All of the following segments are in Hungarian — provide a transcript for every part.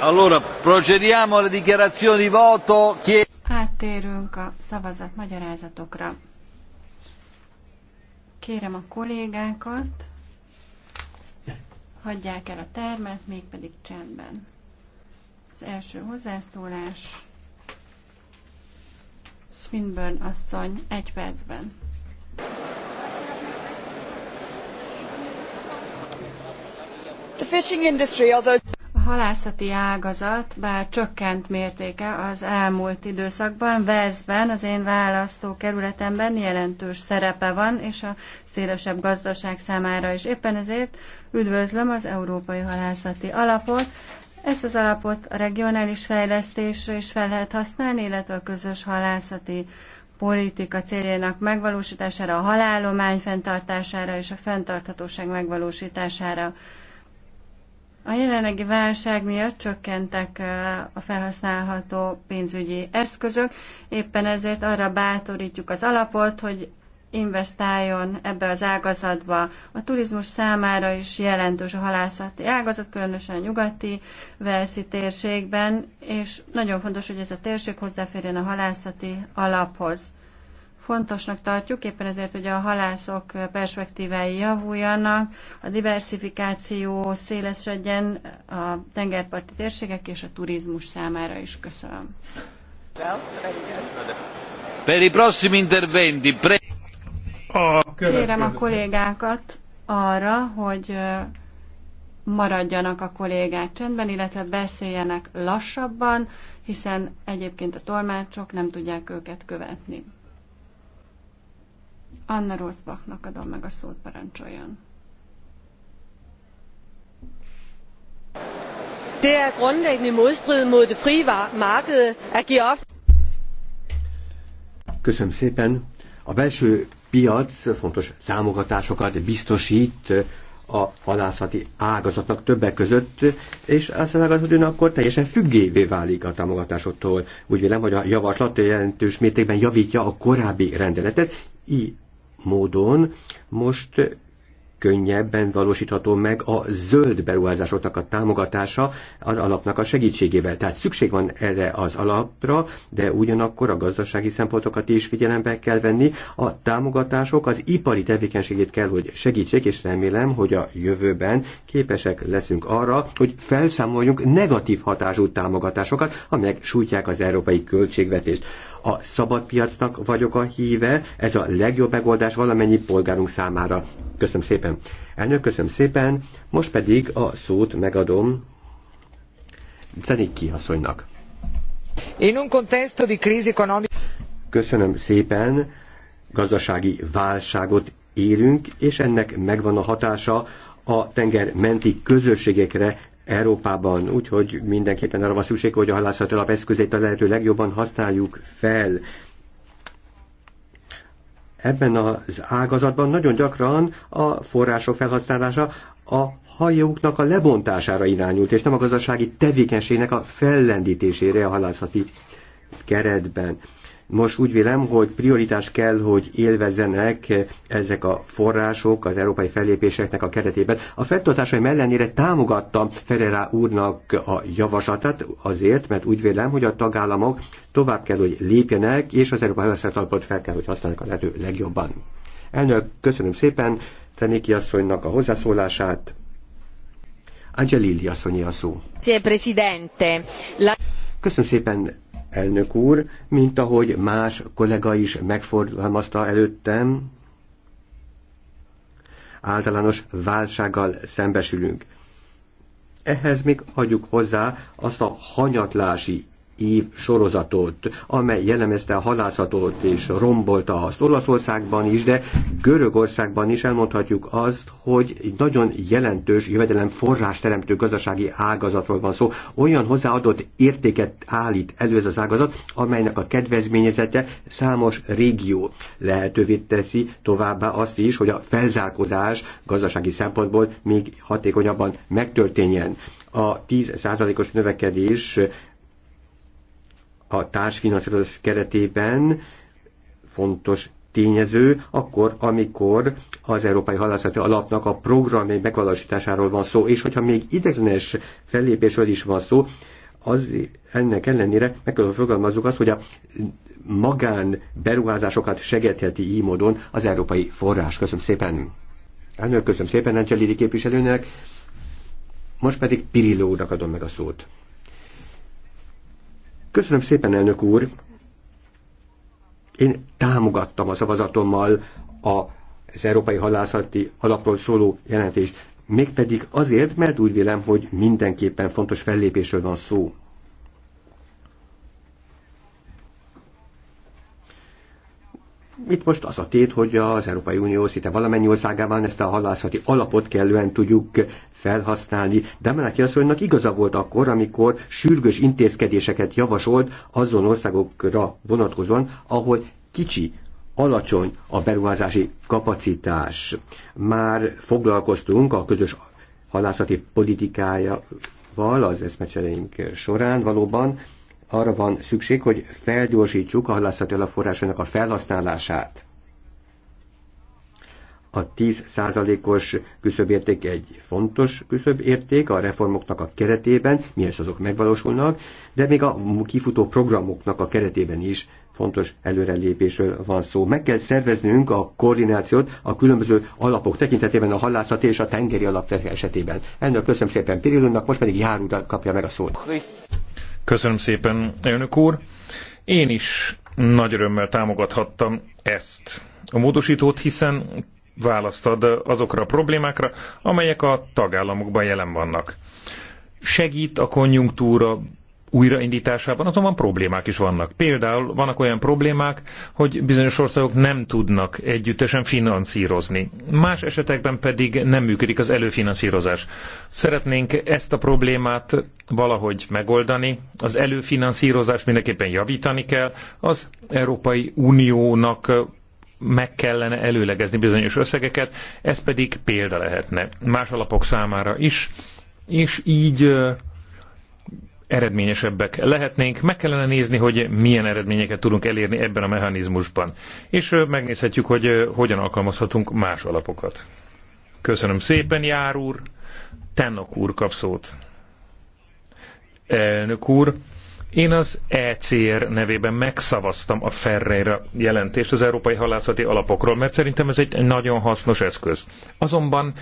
Allora, procediamo alle dichiarazioni di voto. Áttérünk a szavazat magyarázatokra. Kérem a kollégákat, hagyják el a termet, mégpedig csendben. Az első hozzászólás. Swinburne asszony, egy percben. The fishing industry, although halászati ágazat, bár csökkent mértéke az elmúlt időszakban, Veszben, az én választókerületemben jelentős szerepe van, és a szélesebb gazdaság számára is. Éppen ezért üdvözlöm az Európai Halászati Alapot. Ezt az alapot a regionális fejlesztésre is fel lehet használni, illetve a közös halászati politika céljának megvalósítására, a halállomány fenntartására és a fenntarthatóság megvalósítására. A jelenlegi válság miatt csökkentek a felhasználható pénzügyi eszközök, éppen ezért arra bátorítjuk az alapot, hogy investáljon ebbe az ágazatba. A turizmus számára is jelentős a halászati ágazat, különösen a nyugati verszi térségben, és nagyon fontos, hogy ez a térség hozzáférjen a halászati alaphoz fontosnak tartjuk, éppen ezért, hogy a halászok perspektívái javuljanak, a diversifikáció szélesedjen a tengerparti térségek és a turizmus számára is. Köszönöm. Per i prossimi interventi, pre... a Kérem a kollégákat arra, hogy maradjanak a kollégák csendben, illetve beszéljenek lassabban, hiszen egyébként a tolmácsok nem tudják őket követni. Anna Rosbachnak adom meg a szót, parancsoljon. Det er grundlæggende modstrid mod det frie marked at give op. Köszönöm szépen. A belső piac fontos támogatásokat biztosít a halászati ágazatnak többek között, és az ágazat akkor teljesen függévé válik a támogatásoktól. Úgy vélem, hogy a javaslat jelentős mértékben javítja a korábbi rendeletet, így módon. Most könnyebben valósítható meg a zöld beruházásoknak a támogatása az alapnak a segítségével. Tehát szükség van erre az alapra, de ugyanakkor a gazdasági szempontokat is figyelembe kell venni. A támogatások az ipari tevékenységét kell, hogy segítsék, és remélem, hogy a jövőben képesek leszünk arra, hogy felszámoljunk negatív hatású támogatásokat, amelyek sújtják az európai költségvetést. A szabadpiacnak vagyok a híve, ez a legjobb megoldás valamennyi polgárunk számára. Köszönöm szépen! szépen. Elnök, köszönöm szépen. Most pedig a szót megadom Zenik Kihaszonynak. In un contesto di crisi economica... Köszönöm szépen. Gazdasági válságot élünk, és ennek megvan a hatása a tenger menti közösségekre, Európában, úgyhogy mindenképpen arra van szükség, hogy a halászati alapeszközét a lehető legjobban használjuk fel ebben az ágazatban nagyon gyakran a források felhasználása a hajóknak a lebontására irányult, és nem a gazdasági tevékenységnek a fellendítésére a halászati keretben. Most úgy vélem, hogy prioritás kell, hogy élvezzenek ezek a források az európai fellépéseknek a keretében. A fenntartásaim ellenére támogattam Ferrerá úrnak a javaslatát azért, mert úgy vélem, hogy a tagállamok tovább kell, hogy lépjenek, és az európai összetalpot fel kell, hogy használják a lehető legjobban. Elnök, köszönöm szépen Tenéki asszonynak a hozzászólását. Angelilli asszonyi a szó. Köszönöm szépen, elnök úr, mint ahogy más kollega is megfordulmazta előttem, általános válsággal szembesülünk. Ehhez még adjuk hozzá azt a hanyatlási év sorozatot, amely jellemezte a halászatot és rombolta azt Olaszországban is, de Görögországban is elmondhatjuk azt, hogy egy nagyon jelentős jövedelem forrás teremtő gazdasági ágazatról van szó. Olyan hozzáadott értéket állít elő ez az ágazat, amelynek a kedvezményezete számos régió lehetővé teszi továbbá azt is, hogy a felzárkozás gazdasági szempontból még hatékonyabban megtörténjen a 10%-os növekedés a társfinanszírozás keretében fontos tényező, akkor, amikor az Európai Halászati Alapnak a programjai megvalósításáról van szó, és hogyha még ideglenes fellépésről is van szó, az ennek ellenére meg kell fogalmazzuk azt, hogy a magán beruházásokat segítheti így módon az európai forrás. Köszönöm szépen. Elnök, köszönöm szépen Angelidi képviselőnek. Most pedig Pirilló adom meg a szót. Köszönöm szépen, elnök úr! Én támogattam a szavazatommal a, az Európai Halászati Alapról szóló jelentést, mégpedig azért, mert úgy vélem, hogy mindenképpen fontos fellépésről van szó. Itt most az a tét, hogy az Európai Unió szinte valamennyi országában ezt a halászati alapot kellően tudjuk felhasználni. De Meneki asszonynak igaza volt akkor, amikor sürgős intézkedéseket javasolt azon országokra vonatkozóan, ahol kicsi alacsony a beruházási kapacitás. Már foglalkoztunk a közös halászati politikájával az eszmecsereink során valóban, arra van szükség, hogy felgyorsítsuk a halászati alapforrásainak a felhasználását. A 10%-os küszöbérték egy fontos küszöbérték a reformoknak a keretében, mihez azok megvalósulnak, de még a kifutó programoknak a keretében is fontos előrelépésről van szó. Meg kell szerveznünk a koordinációt a különböző alapok tekintetében, a hallászati és a tengeri alap esetében. Ennek köszönöm szépen Pirillónak, most pedig járúra kapja meg a szót. Köszönöm szépen, elnök úr. Én is nagy örömmel támogathattam ezt a módosítót, hiszen választ ad azokra a problémákra, amelyek a tagállamokban jelen vannak. Segít a konjunktúra újraindításában azonban problémák is vannak. Például vannak olyan problémák, hogy bizonyos országok nem tudnak együttesen finanszírozni. Más esetekben pedig nem működik az előfinanszírozás. Szeretnénk ezt a problémát valahogy megoldani. Az előfinanszírozás mindenképpen javítani kell. Az Európai Uniónak meg kellene előlegezni bizonyos összegeket, ez pedig példa lehetne más alapok számára is, és így eredményesebbek lehetnénk. Meg kellene nézni, hogy milyen eredményeket tudunk elérni ebben a mechanizmusban. És megnézhetjük, hogy hogyan alkalmazhatunk más alapokat. Köszönöm szépen, Jár úr. Tennok úr kap szót. Elnök úr, én az ECR nevében megszavaztam a Ferreira jelentést az Európai Halászati Alapokról, mert szerintem ez egy nagyon hasznos eszköz. Azonban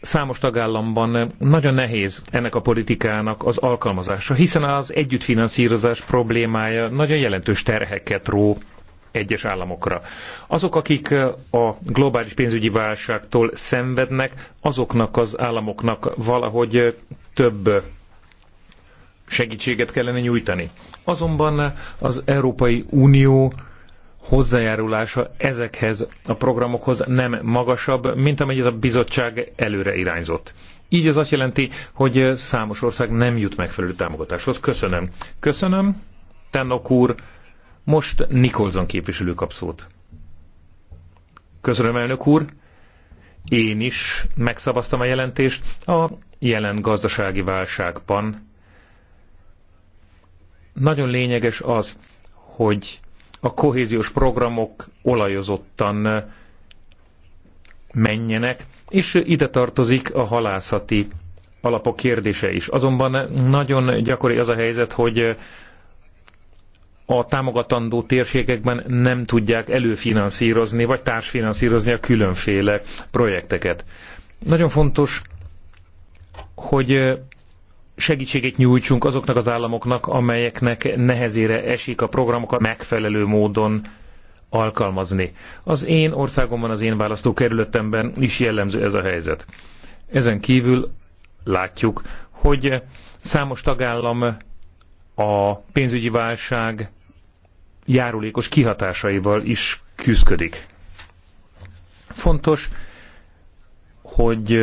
számos tagállamban nagyon nehéz ennek a politikának az alkalmazása, hiszen az együttfinanszírozás problémája nagyon jelentős terheket ró egyes államokra. Azok, akik a globális pénzügyi válságtól szenvednek, azoknak az államoknak valahogy több segítséget kellene nyújtani. Azonban az Európai Unió hozzájárulása ezekhez a programokhoz nem magasabb, mint amennyit a bizottság előre irányzott. Így ez azt jelenti, hogy számos ország nem jut megfelelő támogatáshoz. Köszönöm. Köszönöm, Tennok úr. Most Nikolzon képviselő kap szót. Köszönöm, elnök úr. Én is megszavaztam a jelentést. A jelen gazdasági válságban nagyon lényeges az, hogy a kohéziós programok olajozottan menjenek, és ide tartozik a halászati alapok kérdése is. Azonban nagyon gyakori az a helyzet, hogy a támogatandó térségekben nem tudják előfinanszírozni, vagy társfinanszírozni a különféle projekteket. Nagyon fontos, hogy segítséget nyújtsunk azoknak az államoknak, amelyeknek nehezére esik a programokat megfelelő módon alkalmazni. Az én országomban, az én választókerületemben is jellemző ez a helyzet. Ezen kívül látjuk, hogy számos tagállam a pénzügyi válság járulékos kihatásaival is küszködik. Fontos, hogy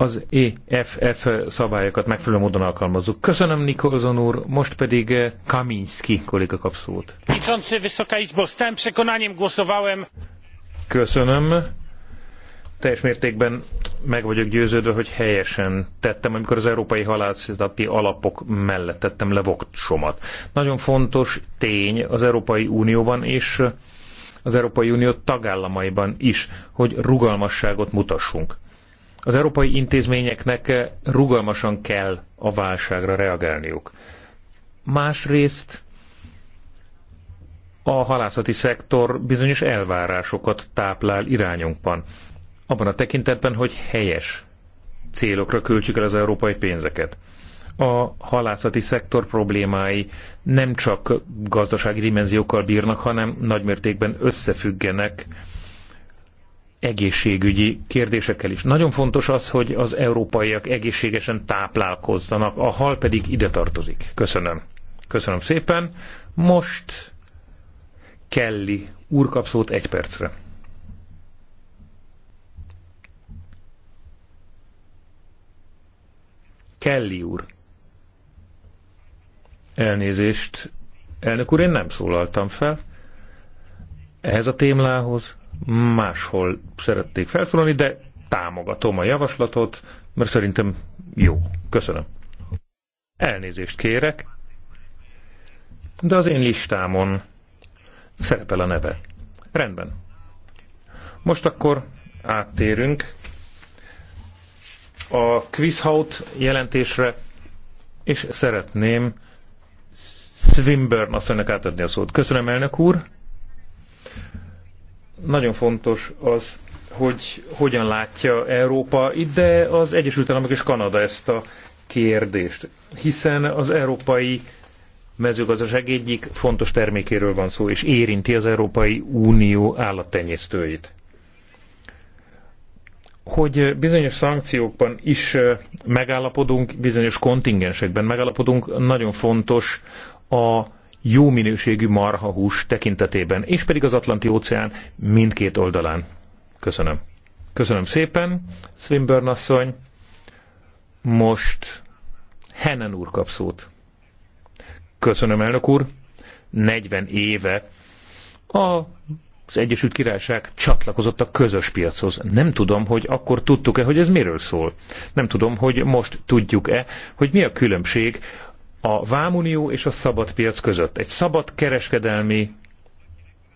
az EFF szabályokat megfelelő módon alkalmazzuk. Köszönöm Nikolzon úr, most pedig eh, Kaminski kolléga kap szót. Köszönöm. Teljes mértékben meg vagyok győződve, hogy helyesen tettem, amikor az európai halászati alapok mellett tettem le voksomat. Nagyon fontos tény az Európai Unióban és az Európai Unió tagállamaiban is, hogy rugalmasságot mutassunk az európai intézményeknek eh, rugalmasan kell a válságra reagálniuk. Másrészt a halászati szektor bizonyos elvárásokat táplál irányunkban. Abban a tekintetben, hogy helyes célokra költsük el az európai pénzeket. A halászati szektor problémái nem csak gazdasági dimenziókkal bírnak, hanem nagymértékben összefüggenek egészségügyi kérdésekkel is. Nagyon fontos az, hogy az európaiak egészségesen táplálkozzanak, a hal pedig ide tartozik. Köszönöm. Köszönöm szépen. Most Kelly úr kap szót egy percre. Kelly úr. Elnézést. Elnök úr, én nem szólaltam fel. Ehhez a témlához máshol szerették felszólalni, de támogatom a javaslatot, mert szerintem jó. Köszönöm. Elnézést kérek, de az én listámon szerepel a neve. Rendben. Most akkor áttérünk a Quizhout jelentésre, és szeretném Swinburne asszonynak átadni a szót. Köszönöm, elnök úr! nagyon fontos az, hogy hogyan látja Európa ide az Egyesült Államok és Kanada ezt a kérdést. Hiszen az európai mezőgazdaság egyik fontos termékéről van szó, és érinti az Európai Unió állattenyésztőit. Hogy bizonyos szankciókban is megállapodunk, bizonyos kontingensekben megállapodunk, nagyon fontos a jó minőségű marhahús tekintetében, és pedig az Atlanti óceán mindkét oldalán. Köszönöm. Köszönöm szépen, Swinburne asszony. Most Hennen úr kap szót. Köszönöm, elnök úr. 40 éve a az Egyesült Királyság csatlakozott a közös piachoz. Nem tudom, hogy akkor tudtuk-e, hogy ez miről szól. Nem tudom, hogy most tudjuk-e, hogy mi a különbség a vámunió és a szabad piac között. Egy szabad kereskedelmi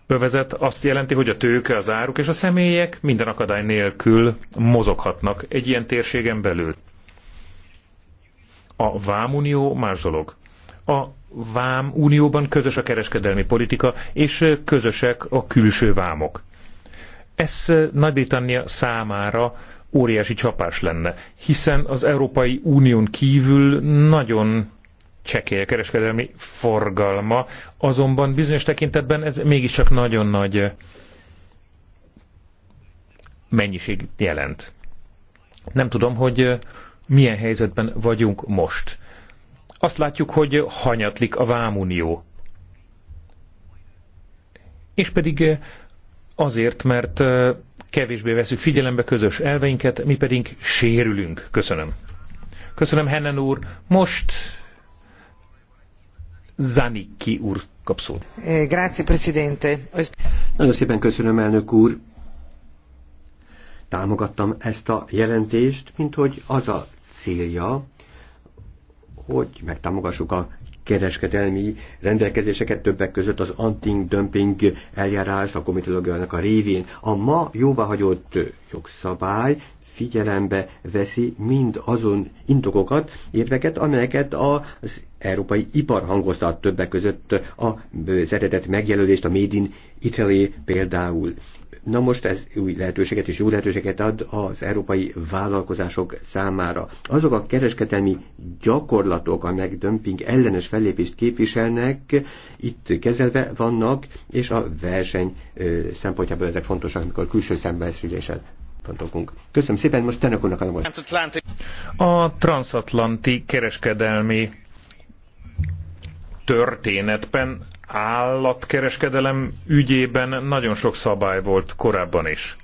övezet azt jelenti, hogy a tőke, az áruk és a személyek minden akadály nélkül mozoghatnak egy ilyen térségen belül. A vámunió más dolog. A vám unióban közös a kereskedelmi politika, és közösek a külső vámok. Ez Nagy-Britannia számára óriási csapás lenne, hiszen az Európai Unión kívül nagyon csekély kereskedelmi forgalma, azonban bizonyos tekintetben ez mégiscsak nagyon nagy eh, mennyiség jelent. Nem tudom, hogy eh, milyen helyzetben vagyunk most. Azt látjuk, hogy hanyatlik a vámunió. És pedig eh, azért, mert kevésbé veszük figyelembe közös elveinket, mi pedig sérülünk. Köszönöm. Köszönöm, Hennen úr. Most Zanicki úr kap szót. Eh, grazie, Presidente. Nagyon szépen köszönöm, elnök úr. Támogattam ezt a jelentést, mint hogy az a célja, hogy megtámogassuk a kereskedelmi rendelkezéseket többek között az anti-dumping eljárás a komitológiának a révén. A ma jóváhagyott jogszabály figyelembe veszi mind azon indokokat, érveket, amelyeket az európai ipar hangoztat többek között a eredet megjelölést, a Made in Italy például. Na most ez új lehetőséget és jó lehetőséget ad az európai vállalkozások számára. Azok a kereskedelmi gyakorlatok, amelyek dömping ellenes fellépést képviselnek, itt kezelve vannak, és a verseny szempontjából ezek fontosak, amikor külső szembesüléssel fontokunk. Köszönöm szépen, most Tenök a adom A transatlanti kereskedelmi történetben állatkereskedelem ügyében nagyon sok szabály volt korábban is.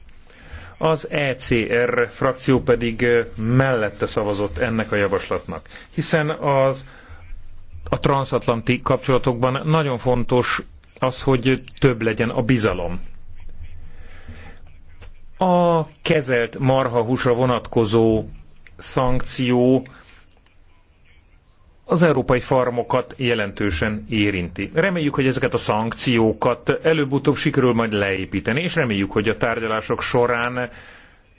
Az ECR frakció pedig mellette szavazott ennek a javaslatnak, hiszen az a transatlanti kapcsolatokban nagyon fontos az, hogy több legyen a bizalom. A kezelt marhahúsra vonatkozó szankció az európai farmokat jelentősen érinti. Reméljük, hogy ezeket a szankciókat előbb-utóbb sikerül majd leépíteni, és reméljük, hogy a tárgyalások során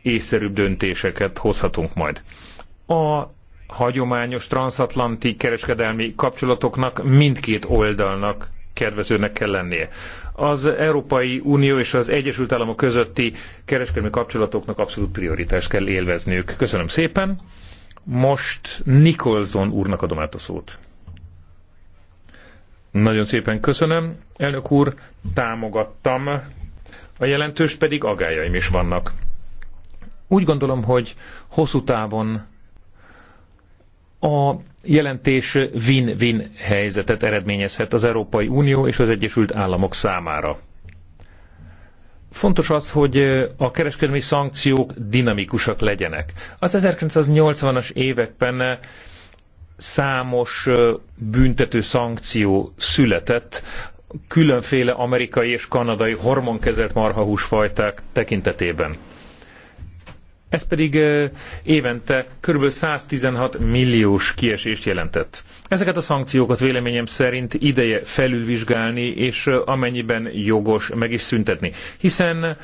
észszerűbb döntéseket hozhatunk majd. A hagyományos transatlanti kereskedelmi kapcsolatoknak mindkét oldalnak kedvezőnek kell lennie. Az Európai Unió és az Egyesült Államok közötti kereskedelmi kapcsolatoknak abszolút prioritást kell élvezniük. Köszönöm szépen. Most Nikolson úrnak adom át a szót. Nagyon szépen köszönöm. Elnök úr, támogattam. A jelentős pedig agályaim is vannak. Úgy gondolom, hogy hosszú távon a jelentés win-win helyzetet eredményezhet az Európai Unió és az Egyesült Államok számára. Fontos az, hogy a kereskedelmi szankciók dinamikusak legyenek. Az 1980-as években számos büntető szankció született, különféle amerikai és kanadai hormonkezelt marhahúsfajták tekintetében. Ez pedig évente kb. 116 milliós kiesést jelentett. Ezeket a szankciókat véleményem szerint ideje felülvizsgálni, és amennyiben jogos, meg is szüntetni. Hiszen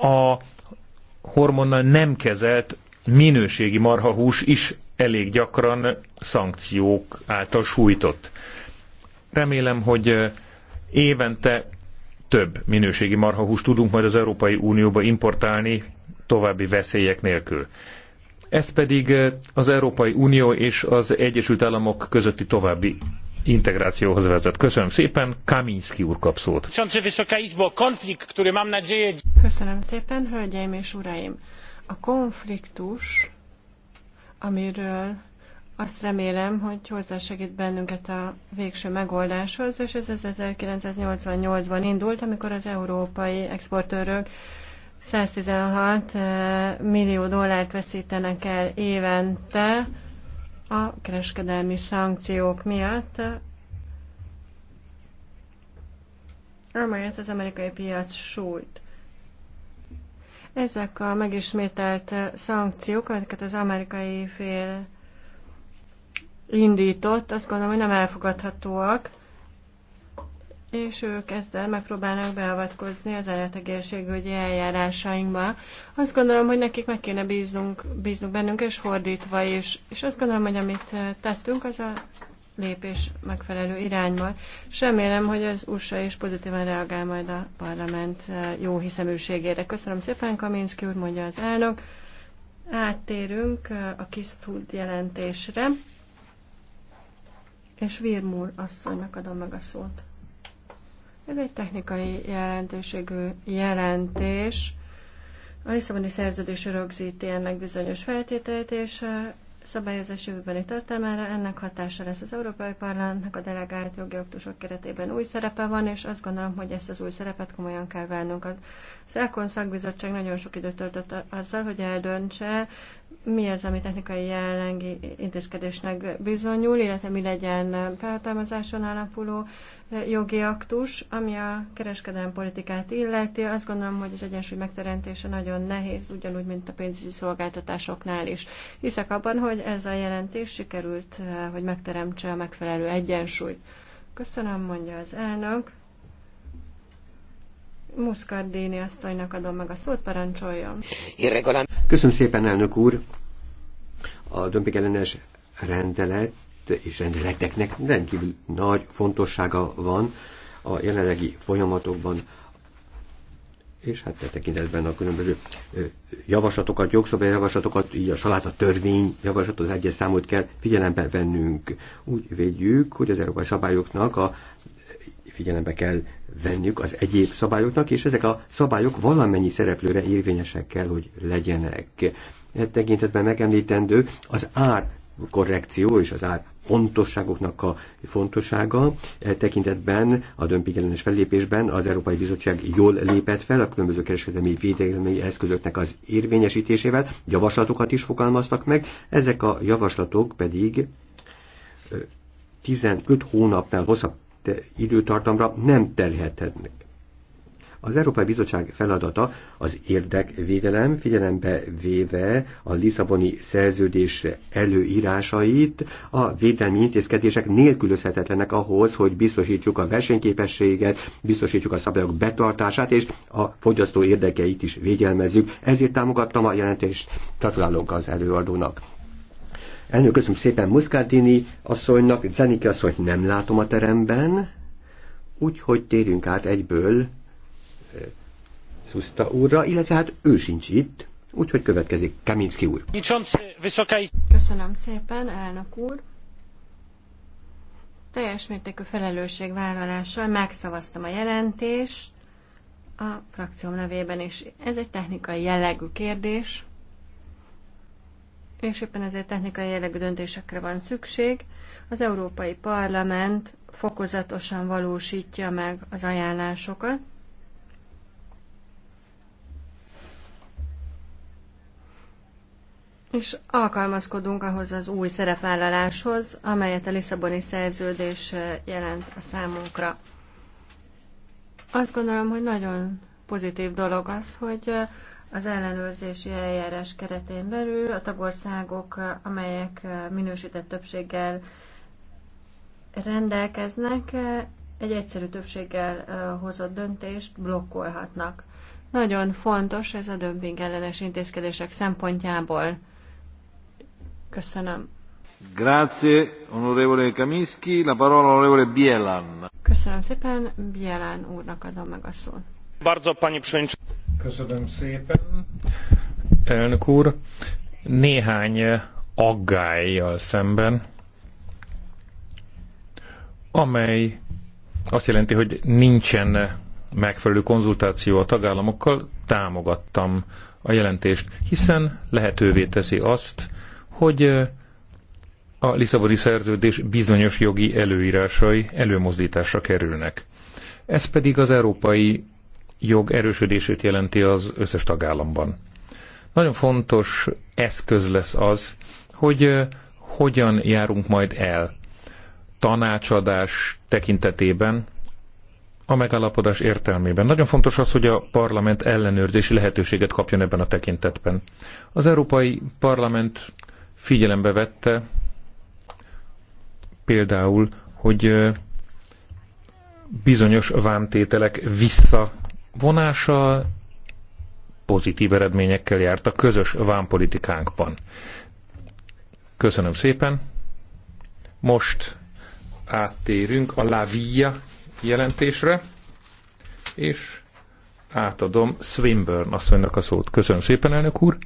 a hormonnal nem kezelt minőségi marhahús is elég gyakran szankciók által sújtott. Remélem, hogy évente több minőségi marhahúst tudunk majd az Európai Unióba importálni további veszélyek nélkül. Ez pedig az Európai Unió és az Egyesült Államok közötti további integrációhoz vezet. Köszönöm szépen, Kaminski úr kap szót. Köszönöm szépen, hölgyeim és uraim. A konfliktus, amiről azt remélem, hogy hozzásegít bennünket a végső megoldáshoz, és ez 1988-ban indult, amikor az európai exportőrök 116 eh, millió dollárt veszítenek el évente a kereskedelmi szankciók miatt, amelyet az amerikai piac sújt. Ezek a megismételt eh, szankciók, amiket az amerikai fél indított, azt gondolom, hogy nem elfogadhatóak, és ők ezzel megpróbálnak beavatkozni az állategészségügyi eljárásainkba. Azt gondolom, hogy nekik meg kéne bíznunk, bíznunk bennünk, és fordítva is. És azt gondolom, hogy amit tettünk, az a lépés megfelelő irányba. És remélem, hogy az USA is pozitívan reagál majd a parlament eh, jó hiszeműségére. Köszönöm szépen, Kaminski úr, mondja az elnök. Áttérünk eh, a KISZTUD jelentésre. És Virmúr asszonynak adom meg a szót. Ez egy technikai jelentőségű jelentés. A Lisszaboni szerződés rögzíti ennek bizonyos feltételét, és szabályozás jövőbeni tartalmára ennek hatása lesz az Európai Parlamentnek a delegált jogi aktusok keretében új szerepe van, és azt gondolom, hogy ezt az új szerepet komolyan kell vennünk. Az ELKON szakbizottság nagyon sok időt töltött azzal, hogy eldöntse, mi az, ami technikai jelenlegi intézkedésnek bizonyul, illetve mi legyen felhatalmazáson alapuló jogi aktus, ami a kereskedelmi politikát illeti. Azt gondolom, hogy az egyensúly megteremtése nagyon nehéz, ugyanúgy, mint a pénzügyi szolgáltatásoknál is. Hiszek abban, hogy ez a jelentés sikerült, hogy megteremtse a megfelelő egyensúlyt. Köszönöm, mondja az elnök. Muscardini asszonynak adom meg a szót, parancsoljon. Köszönöm szépen, elnök úr. A dömpingellenes rendelet és rendeleteknek rendkívül nagy fontossága van a jelenlegi folyamatokban, és hát e tekintetben a különböző javaslatokat, jogszabályjavaslatokat, így a saláta törvény javaslatot az egyes számot kell figyelembe vennünk. Úgy védjük, hogy az európai szabályoknak a figyelembe kell venniük az egyéb szabályoknak, és ezek a szabályok valamennyi szereplőre érvényesek kell, hogy legyenek. E tekintetben megemlítendő az ár korrekció és az ár pontosságoknak a fontossága. E tekintetben a dömpingellenes fellépésben az Európai Bizottság jól lépett fel a különböző kereskedelmi védelmi eszközöknek az érvényesítésével, javaslatokat is fogalmaztak meg, ezek a javaslatok pedig 15 hónapnál hosszabb időtartamra nem terhethetnek. Az Európai Bizottság feladata az érdekvédelem figyelembe véve a Lisszaboni szerződés előírásait, a védelmi intézkedések nélkülözhetetlenek ahhoz, hogy biztosítsuk a versenyképességet, biztosítsuk a szabályok betartását, és a fogyasztó érdekeit is védelmezzük. Ezért támogattam a jelentést, gratulálok az előadónak. Elnök, köszönöm szépen Muszkátini asszonynak, Zeniki hogy nem látom a teremben, úgyhogy térjünk át egyből eh, Szuszta úrra, illetve hát ő sincs itt, úgyhogy következik Kaminski úr. Köszönöm szépen, elnök úr. Teljes mértékű felelősségvállalással megszavaztam a jelentést, a frakcióm nevében is. Ez egy technikai jellegű kérdés, és éppen ezért technikai jellegű döntésekre van szükség. Az Európai Parlament fokozatosan valósítja meg az ajánlásokat. És alkalmazkodunk ahhoz az új szerepvállaláshoz, amelyet a Lisszaboni szerződés eh, jelent a számunkra. Azt gondolom, hogy nagyon pozitív dolog az, hogy eh, az ellenőrzési eljárás keretén belül a tagországok, amelyek eh, minősített többséggel rendelkeznek, eh, egy egyszerű többséggel eh, hozott döntést blokkolhatnak. Nagyon fontos ez a dömping ellenes intézkedések szempontjából. Köszönöm. Grazie, onorevole Kaminski. La parola onorevole Bielan. Köszönöm szépen, Bielan úrnak adom meg a szót. Bardzo, pani Köszönöm szépen. Elnök úr, néhány aggályjal szemben, amely azt jelenti, hogy nincsen megfelelő konzultáció a tagállamokkal, támogattam a jelentést, hiszen lehetővé teszi azt, hogy a Lisszaboni szerződés bizonyos jogi előírásai előmozdításra kerülnek. Ez pedig az Európai jog erősödését jelenti az összes tagállamban. Nagyon fontos eszköz lesz az, hogy hogyan járunk majd el tanácsadás tekintetében a megállapodás értelmében. Nagyon fontos az, hogy a parlament ellenőrzési lehetőséget kapjon ebben a tekintetben. Az Európai Parlament figyelembe vette például, hogy bizonyos vámtételek vissza vonása pozitív eredményekkel járt a közös vámpolitikánkban. Köszönöm szépen. Most áttérünk a Lavia jelentésre, és átadom Swinburne asszonynak a szót. Köszönöm szépen, elnök úr.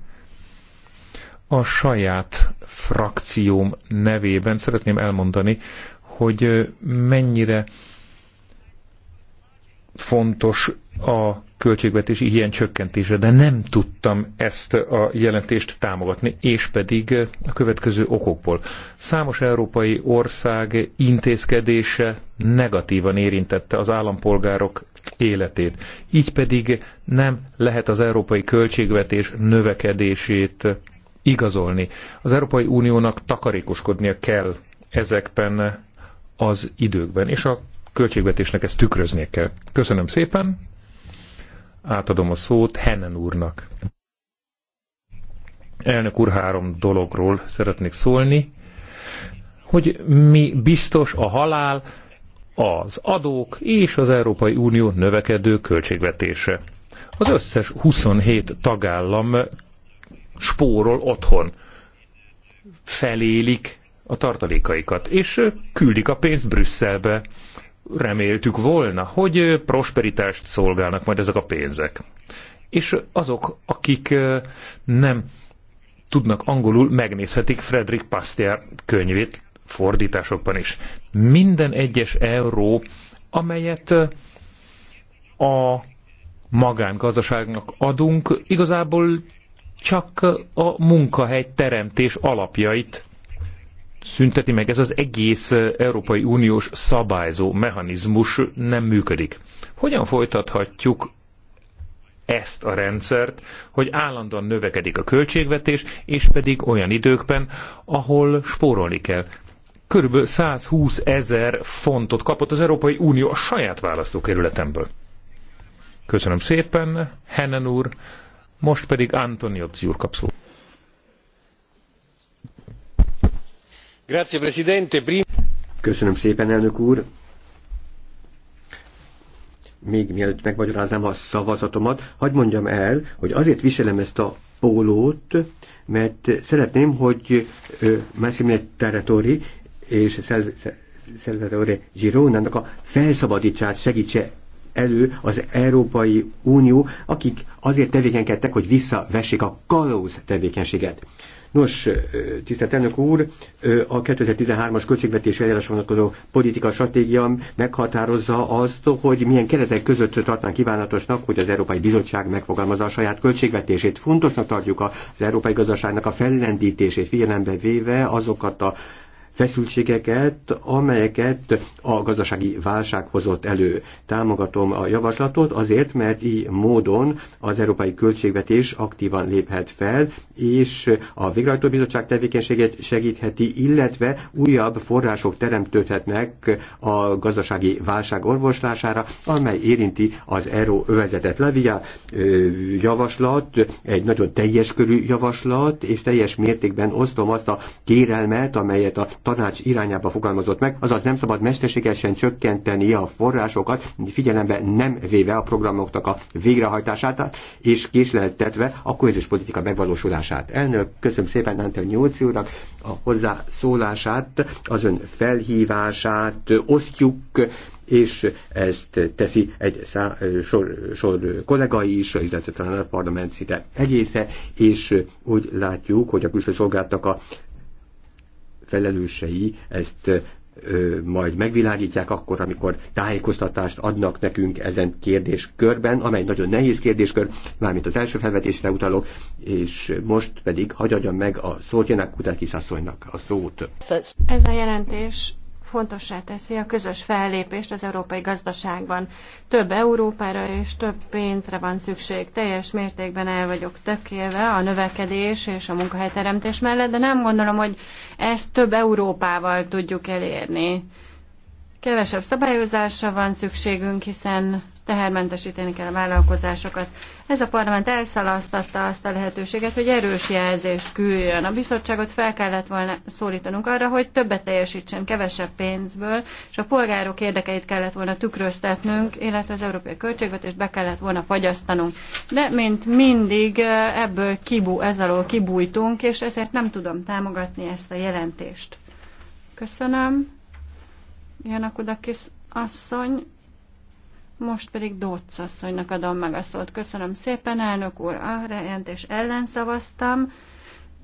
A saját frakcióm nevében szeretném elmondani, hogy mennyire fontos a költségvetési hiány csökkentése, de nem tudtam ezt a jelentést támogatni, és pedig a következő okokból. Számos európai ország intézkedése negatívan érintette az állampolgárok életét. Így pedig nem lehet az európai költségvetés növekedését igazolni. Az Európai Uniónak takarékoskodnia kell ezekben az időkben, és a költségvetésnek ezt tükröznie kell. Köszönöm szépen, átadom a szót Hennen úrnak. Elnök úr, három dologról szeretnék szólni, hogy mi biztos a halál, az adók és az Európai Unió növekedő költségvetése. Az összes 27 tagállam spórol otthon, felélik a tartalékaikat, és küldik a pénzt Brüsszelbe reméltük volna, hogy prosperitást szolgálnak majd ezek a pénzek. És azok, akik nem tudnak angolul, megnézhetik Frederick Pastier könyvét fordításokban is. Minden egyes euró, amelyet a magángazdaságnak adunk, igazából csak a munkahely teremtés alapjait szünteti meg, ez az egész Európai Uniós szabályzó mechanizmus nem működik. Hogyan folytathatjuk ezt a rendszert, hogy állandóan növekedik a költségvetés, és pedig olyan időkben, ahol spórolni kell. Körülbelül 120 ezer fontot kapott az Európai Unió a saját választókerületemből. Köszönöm szépen, Hennen úr, most pedig Antonio Ciur kapszul. Köszönöm szépen, elnök úr! Még mielőtt megmagyaráznám a szavazatomat, hagyd mondjam el, hogy azért viselem ezt a pólót, mert szeretném, hogy Massimile Territori és Salvatore Gironának a felszabadítsát segítse elő az Európai Unió, akik azért tevékenykedtek, hogy visszavessék a kalóz tevékenységet. Nos, tisztelt elnök úr, a 2013-as költségvetés eljárásra vonatkozó politika stratégia meghatározza azt, hogy milyen keretek között tartnánk kívánatosnak, hogy az Európai Bizottság megfogalmazza a saját költségvetését. Fontosnak tartjuk az európai gazdaságnak a fellendítését figyelembe véve azokat a feszültségeket, amelyeket a gazdasági válság hozott elő. Támogatom a javaslatot azért, mert így módon az európai költségvetés aktívan léphet fel, és a végrehajtó bizottság tevékenységet segítheti, illetve újabb források teremtődhetnek a gazdasági válság orvoslására, amely érinti az euró övezetet. Levia javaslat, egy nagyon teljes körű javaslat, és teljes mértékben osztom azt a kérelmet, amelyet a tanács irányába fogalmazott meg, azaz nem szabad mesterségesen csökkenteni a forrásokat, figyelembe nem véve a programoknak a végrehajtását és késleltetve a kohéziós politika megvalósulását. Elnök, köszönöm szépen Anton Nyolci úrnak a hozzászólását, az ön felhívását, osztjuk és ezt teszi egy szá, sor, sor kollégai is, illetve talán a parlament szinte egésze, és úgy látjuk, hogy a külső szolgáltak a felelősei ezt majd megvilágítják akkor, amikor tájékoztatást adnak nekünk ezen kérdéskörben, amely nagyon nehéz kérdéskör, mármint az első felvetésre utalok, és most pedig hagyadjam meg a szót jönnek Kutelki a szót. Ez a jelentés fontossá teszi a közös fellépést az európai gazdaságban. Több Európára és több pénzre van szükség. Teljes mértékben el vagyok tökélve a növekedés és a munkahelyteremtés mellett, de nem gondolom, hogy ezt több Európával tudjuk elérni. Kevesebb szabályozásra van szükségünk, hiszen tehermentesíteni kell a vállalkozásokat. Ez a parlament elszalasztatta azt a lehetőséget, hogy erős jelzést küldjön. A bizottságot fel kellett volna szólítanunk arra, hogy többet teljesítsen kevesebb pénzből, és a polgárok érdekeit kellett volna tükröztetnünk, illetve az európai költségvetést be kellett volna fagyasztanunk. De mint mindig ebből kibú, ez alól kibújtunk, és ezért nem tudom támogatni ezt a jelentést. Köszönöm. Jön a asszony. Most pedig Dóc asszonynak adom meg a szót. Köszönöm szépen, elnök úr, a és ellen szavaztam.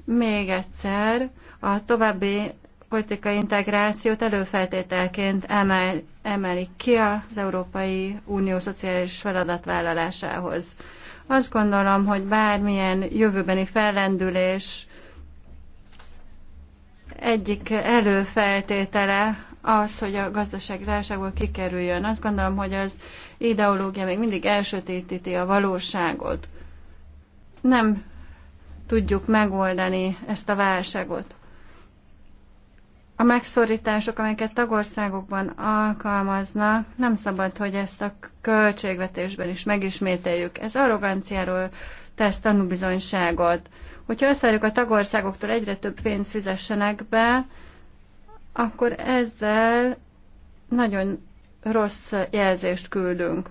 Még egyszer a további politikai integrációt előfeltételként emel, emelik ki az Európai Unió szociális feladatvállalásához. Azt gondolom, hogy bármilyen jövőbeni fellendülés egyik előfeltétele az, hogy a gazdaság zárságból kikerüljön. Azt gondolom, hogy az ideológia még mindig elsötétíti a valóságot. Nem tudjuk megoldani ezt a válságot. A megszorítások, amelyeket tagországokban alkalmaznak, nem szabad, hogy ezt a költségvetésben is megismételjük. Ez arroganciáról tesz tanúbizonyságot. Hogyha azt várjuk a tagországoktól egyre több pénzt fizessenek be, akkor ezzel nagyon rossz jelzést küldünk.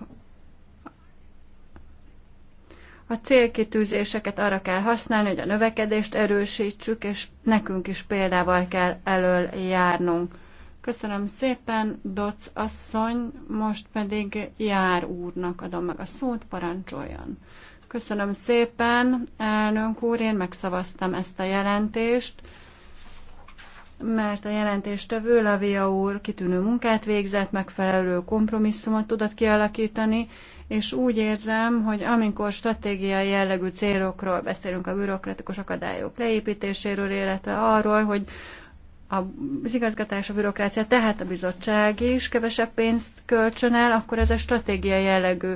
A célkitűzéseket arra kell használni, hogy a növekedést erősítsük, és nekünk is példával kell elől járnunk. Köszönöm szépen, Doc asszony, most pedig Jár úrnak adom meg a szót, parancsoljon. Köszönöm szépen, elnök úr, én megszavaztam ezt a jelentést mert a jelentéstevő Lavia úr kitűnő munkát végzett, megfelelő kompromisszumot tudott kialakítani, és úgy érzem, hogy amikor stratégiai jellegű célokról beszélünk, a bürokratikus akadályok leépítéséről, illetve arról, hogy az igazgatás, a bürokrácia, tehát a bizottság is kevesebb pénzt költsön el, akkor ez a stratégiai jellegű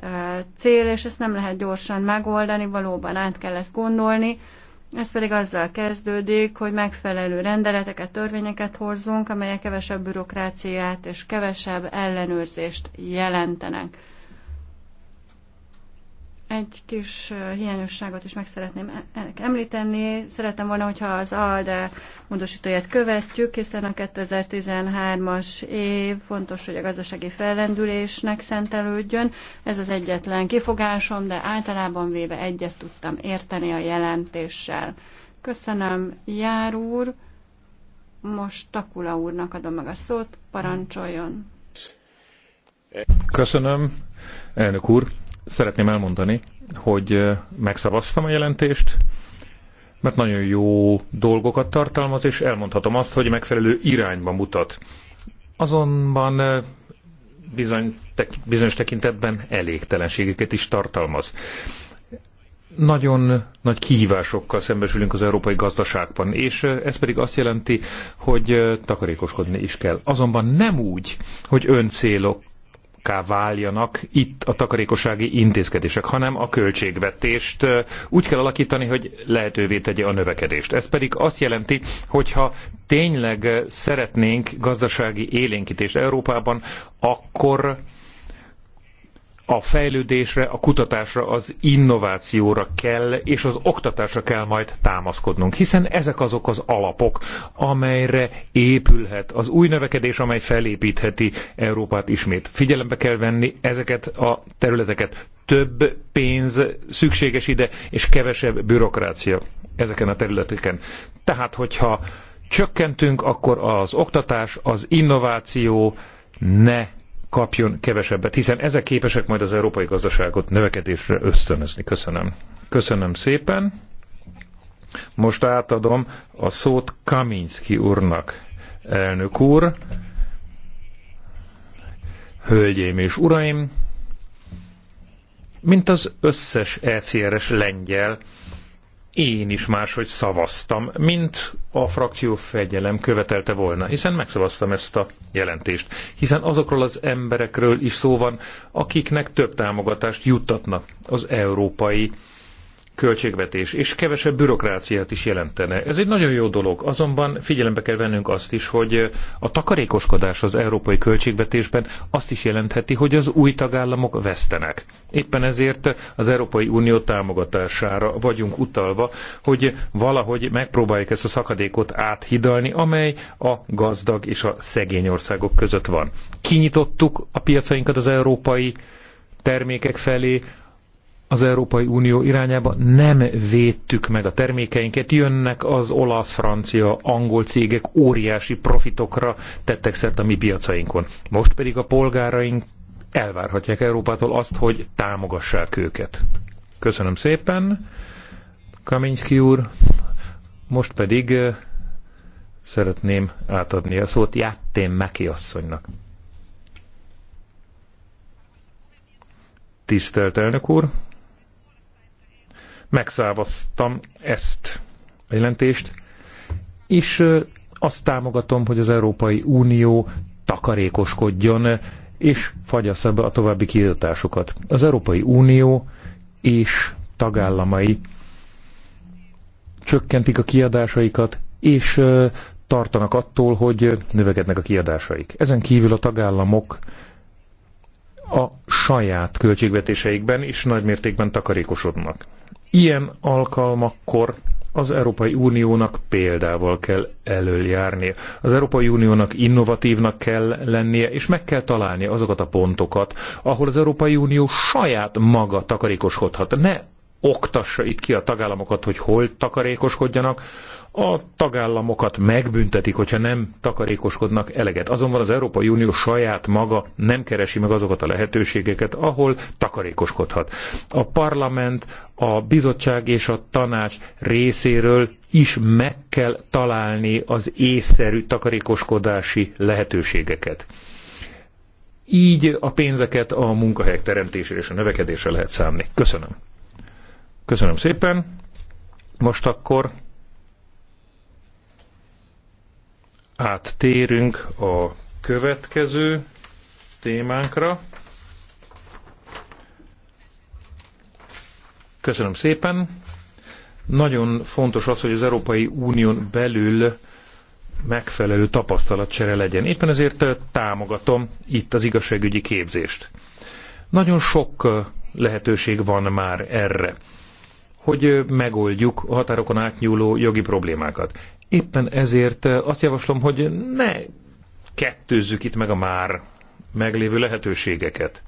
eh, cél, és ezt nem lehet gyorsan megoldani, valóban át kell ezt gondolni, ez pedig azzal kezdődik, hogy megfelelő rendeleteket, törvényeket hozzunk, amelyek kevesebb bürokráciát és kevesebb ellenőrzést jelentenek. Egy kis hiányosságot is meg szeretném e- említeni. Szeretem volna, hogyha az ALDE módosítóját követjük, hiszen a 2013-as év fontos, hogy a gazdasági fellendülésnek szentelődjön. Ez az egyetlen kifogásom, de általában véve egyet tudtam érteni a jelentéssel. Köszönöm, Jár úr. Most Takula úrnak adom meg a szót, parancsoljon. Köszönöm, elnök úr szeretném elmondani, hogy megszavaztam a jelentést, mert nagyon jó dolgokat tartalmaz, és elmondhatom azt, hogy megfelelő irányba mutat. Azonban bizony, tek, bizonyos tekintetben elégtelenségeket is tartalmaz. Nagyon nagy kihívásokkal szembesülünk az európai gazdaságban, és ez pedig azt jelenti, hogy takarékoskodni is kell. Azonban nem úgy, hogy öncélok kockákká váljanak itt a takarékossági intézkedések, hanem a költségvetést úgy kell alakítani, hogy lehetővé tegye a növekedést. Ez pedig azt jelenti, hogyha tényleg szeretnénk gazdasági élénkítést Európában, akkor a fejlődésre, a kutatásra, az innovációra kell, és az oktatásra kell majd támaszkodnunk, hiszen ezek azok az alapok, amelyre épülhet az új növekedés, amely felépítheti Európát ismét. Figyelembe kell venni ezeket a területeket. Több pénz szükséges ide, és kevesebb bürokrácia ezeken a területeken. Tehát, hogyha csökkentünk, akkor az oktatás, az innováció ne kapjon kevesebbet, hiszen ezek képesek majd az európai gazdaságot növekedésre ösztönözni. Köszönöm. Köszönöm szépen. Most átadom a szót Kaminski úrnak. Elnök úr, hölgyeim és uraim, mint az összes ECRS lengyel én is máshogy szavaztam, mint a frakció fegyelem követelte volna, hiszen megszavaztam ezt a jelentést. Hiszen azokról az emberekről is szó van, akiknek több támogatást juttatna az európai költségvetés, és kevesebb bürokráciát is jelentene. Ez egy nagyon jó dolog, azonban figyelembe kell vennünk azt is, hogy a takarékoskodás az európai költségvetésben azt is jelentheti, hogy az új tagállamok vesztenek. Éppen ezért az Európai Unió támogatására vagyunk utalva, hogy valahogy megpróbáljuk ezt a szakadékot áthidalni, amely a gazdag és a szegény országok között van. Kinyitottuk a piacainkat az európai termékek felé, az Európai Unió irányába nem védtük meg a termékeinket, jönnek az olasz, francia, angol cégek óriási profitokra tettek szert a mi piacainkon. Most pedig a polgáraink elvárhatják Európától azt, hogy támogassák őket. Köszönöm szépen, Kaminski úr. Most pedig eh, szeretném átadni a szót Jattén Meki asszonynak. Tisztelt elnök úr, megszávaztam ezt a jelentést, és azt támogatom, hogy az Európai Unió takarékoskodjon, és fagyassza be a további kiadatásokat. Az Európai Unió és tagállamai csökkentik a kiadásaikat, és tartanak attól, hogy növekednek a kiadásaik. Ezen kívül a tagállamok a saját költségvetéseikben is nagymértékben takarékosodnak. Ilyen alkalmakkor az Európai Uniónak példával kell előjárnia. Az Európai Uniónak innovatívnak kell lennie, és meg kell találnia azokat a pontokat, ahol az Európai Unió saját maga takarékoskodhat. Ne oktassa itt ki a tagállamokat, hogy hol takarékoskodjanak. A tagállamokat megbüntetik, hogyha nem takarékoskodnak eleget. Azonban az Európai Unió saját maga nem keresi meg azokat a lehetőségeket, ahol takarékoskodhat. A parlament, a bizottság és a tanács részéről is meg kell találni az észszerű takarékoskodási lehetőségeket. Így a pénzeket a munkahelyek teremtésére és a növekedésre lehet számni. Köszönöm. Köszönöm szépen. Most akkor áttérünk a következő témánkra. Köszönöm szépen. Nagyon fontos az, hogy az Európai Unión belül megfelelő tapasztalatcsere legyen. Éppen ezért támogatom itt az igazságügyi képzést. Nagyon sok lehetőség van már erre hogy megoldjuk a határokon átnyúló jogi problémákat. Éppen ezért azt javaslom, hogy ne kettőzzük itt meg a már meglévő lehetőségeket.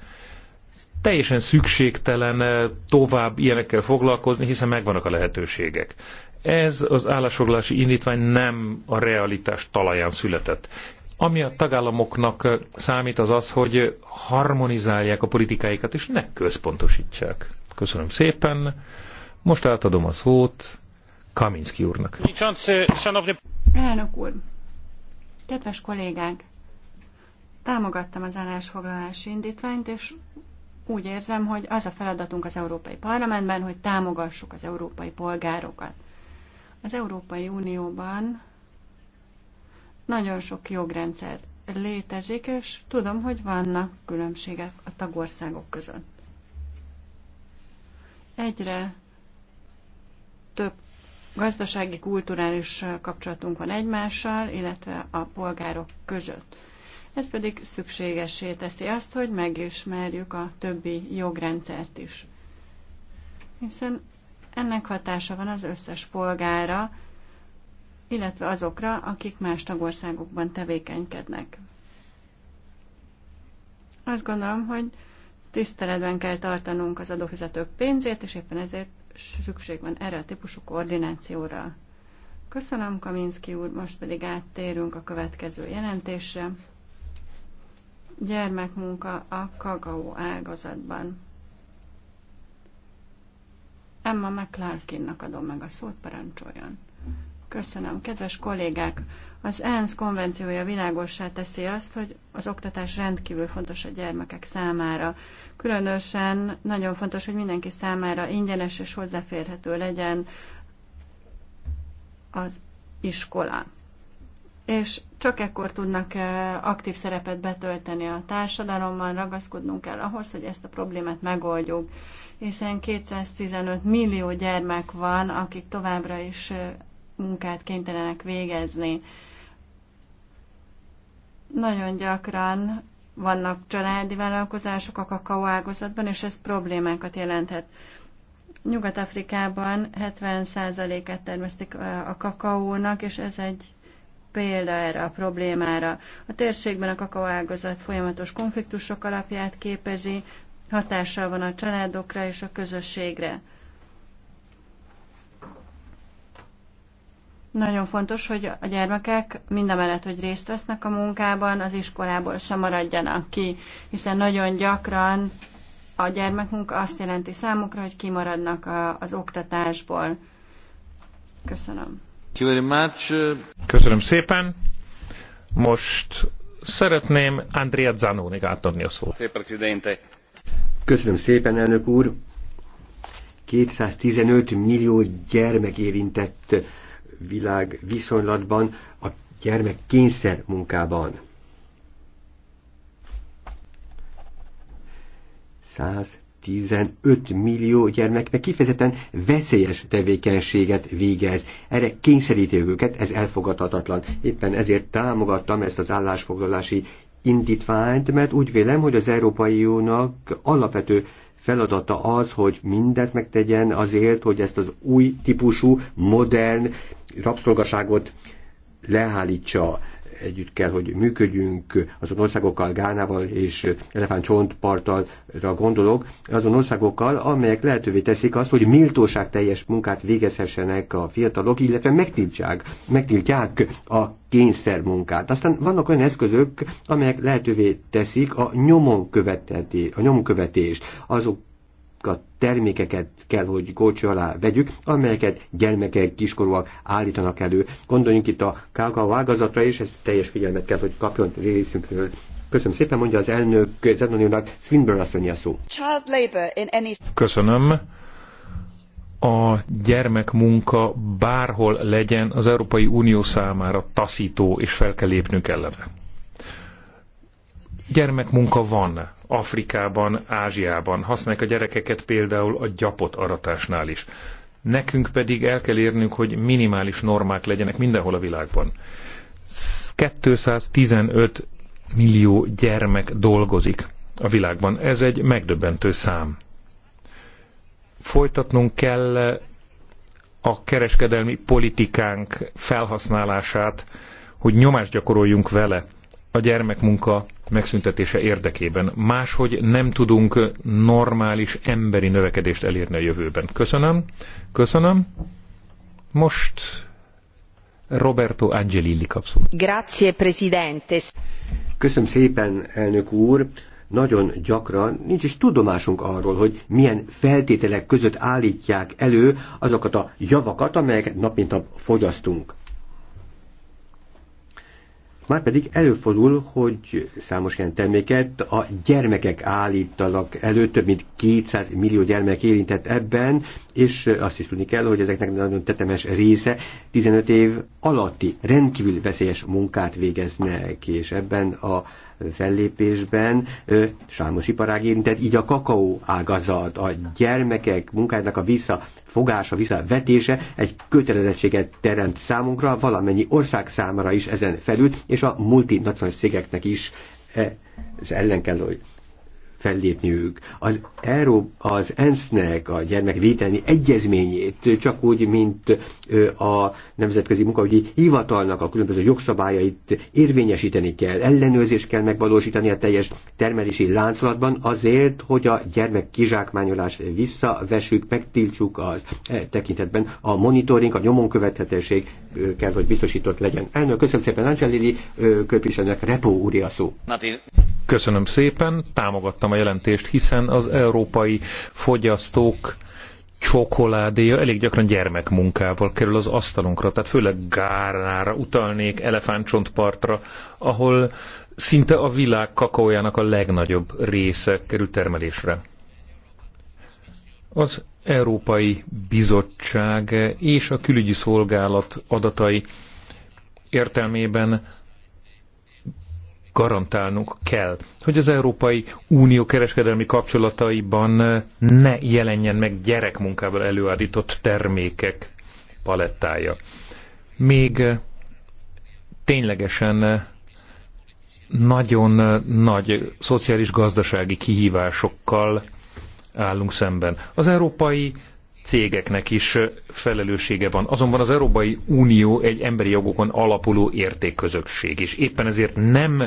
Teljesen szükségtelen tovább ilyenekkel foglalkozni, hiszen megvannak a lehetőségek. Ez az állásfoglalási indítvány nem a realitás talaján született. Ami a tagállamoknak számít az az, hogy harmonizálják a politikáikat, és ne központosítsák. Köszönöm szépen. Most átadom a szót Kaminski úrnak. Elnök úr, kedves kollégák, támogattam az állásfoglalási indítványt, és úgy érzem, hogy az a feladatunk az Európai Parlamentben, hogy támogassuk az európai polgárokat. Az Európai Unióban nagyon sok jogrendszer létezik, és tudom, hogy vannak különbségek a tagországok között. Egyre több gazdasági, kulturális kapcsolatunk van egymással, illetve a polgárok között. Ez pedig szükségessé teszi azt, hogy megismerjük a többi jogrendszert is. Hiszen ennek hatása van az összes polgára, illetve azokra, akik más tagországokban tevékenykednek. Azt gondolom, hogy tiszteletben kell tartanunk az adófizetők pénzét, és éppen ezért szükség van erre a típusú koordinációra. Köszönöm, Kaminski úr, most pedig áttérünk a következő jelentésre. Gyermekmunka a kagaó ágazatban. Emma McClarkinnak adom meg a szót, parancsoljon. Köszönöm, kedves kollégák! Az ENSZ konvenciója világossá teszi azt, hogy az oktatás rendkívül fontos a gyermekek számára. Különösen nagyon fontos, hogy mindenki számára ingyenes és hozzáférhető legyen az iskola. És csak ekkor tudnak eh, aktív szerepet betölteni a társadalomban, ragaszkodnunk kell ahhoz, hogy ezt a problémát megoldjuk, hiszen 215 millió gyermek van, akik továbbra is eh, munkát kénytelenek végezni. Nagyon gyakran vannak családi vállalkozások a kakaóágazatban, és ez problémákat jelenthet. Nyugat-Afrikában 70%-et termesztik a kakaónak, és ez egy példa erre a problémára. A térségben a kakaóágazat folyamatos konfliktusok alapját képezi, hatással van a családokra és a közösségre. Nagyon fontos, hogy a gyermekek mindamellett, hogy részt vesznek a munkában, az iskolából sem maradjanak ki, hiszen nagyon gyakran a gyermekmunka azt jelenti számukra, hogy kimaradnak a, az oktatásból. Köszönöm. Köszönöm szépen. Most szeretném Andrea Zanónig átadni a szót. Köszönöm szépen, elnök úr. 215 millió gyermek érintett világ viszonylatban a gyermek kényszer munkában. 115 millió gyermek meg kifejezetten veszélyes tevékenységet végez. Erre kényszeríti őket, ez elfogadhatatlan. Éppen ezért támogattam ezt az állásfoglalási indítványt, mert úgy vélem, hogy az Európai Uniónak alapvető feladata az, hogy mindent megtegyen azért, hogy ezt az új típusú, modern rabszolgaságot leállítsa együtt kell, hogy működjünk azon országokkal, Gánával és elefántcsontparttalra gondolok, azon országokkal, amelyek lehetővé teszik azt, hogy teljes munkát végezhessenek a fiatalok, illetve megtiltják, megtiltják a kényszermunkát. Aztán vannak olyan eszközök, amelyek lehetővé teszik a nyomon követeti, a nyomon azok termékeket kell, hogy gólcső alá vegyük, amelyeket gyermekek, kiskorúak állítanak elő. Gondoljunk itt a kákao ágazatra, is, ez teljes figyelmet kell, hogy kapjon részünkről. Köszönöm szépen, mondja az elnök Zenoniónak, Swinburne asszony a szó. Köszönöm. A gyermekmunka bárhol legyen az Európai Unió számára taszító, és fel kell lépnünk ellene. Gyermekmunka van Afrikában, Ázsiában. Használják a gyerekeket például a gyapot aratásnál is. Nekünk pedig el kell érnünk, hogy minimális normák legyenek mindenhol a világban. 215 millió gyermek dolgozik a világban. Ez egy megdöbbentő szám. Folytatnunk kell a kereskedelmi politikánk felhasználását, hogy nyomást gyakoroljunk vele a gyermekmunka megszüntetése érdekében. Máshogy nem tudunk normális emberi növekedést elérni a jövőben. Köszönöm. Köszönöm. Most Roberto Angelilli kapszó. Grazie, Presidente. Köszönöm szépen, elnök úr nagyon gyakran nincs is tudomásunk arról, hogy milyen feltételek között állítják elő azokat a javakat, amelyeket nap mint nap fogyasztunk. Márpedig előfordul, hogy számos ilyen terméket a gyermekek állítanak elő, több mint 200 millió gyermek érintett ebben, és azt is tudni kell, hogy ezeknek nagyon tetemes része 15 év alatti rendkívül veszélyes munkát végeznek, és ebben a fellépésben sámos iparág érintett, így a kakaó ágazat, a gyermekek munkájának a visszafogása, visszavetése egy kötelezettséget teremt számunkra, valamennyi ország számára is ezen felül, és a multinacionalis cégeknek is ez ellen kell, hogy fellépniük. Az, Euró, az ENSZ-nek a gyermekvételni egyezményét csak úgy, mint a Nemzetközi Munkahogyi Hivatalnak a különböző jogszabályait érvényesíteni kell, ellenőrzést kell megvalósítani a teljes termelési láncolatban azért, hogy a gyermek kizsákmányolás visszavessük, megtiltsuk az e tekintetben. A monitoring, a nyomon követhetőség kell, hogy biztosított legyen. Elnök, köszönöm szépen Angelili, köpviselőnek Repó úri a szó. Köszönöm szépen, támogattam a jelentést, hiszen az európai fogyasztók csokoládéja elég gyakran gyermekmunkával kerül az asztalunkra, tehát főleg gárnára utalnék, Elefántcsontpartra, ahol szinte a világ kakaójának a legnagyobb része kerül termelésre. Az Európai Bizottság és a Külügyi Szolgálat adatai értelmében garantálnunk kell, hogy az Európai Unió kereskedelmi kapcsolataiban ne jelenjen meg gyerekmunkával előállított termékek palettája. Még ténylegesen nagyon nagy szociális-gazdasági kihívásokkal állunk szemben. Az európai cégeknek is felelőssége van. Azonban az Európai Unió egy emberi jogokon alapuló értékközösség, és éppen ezért nem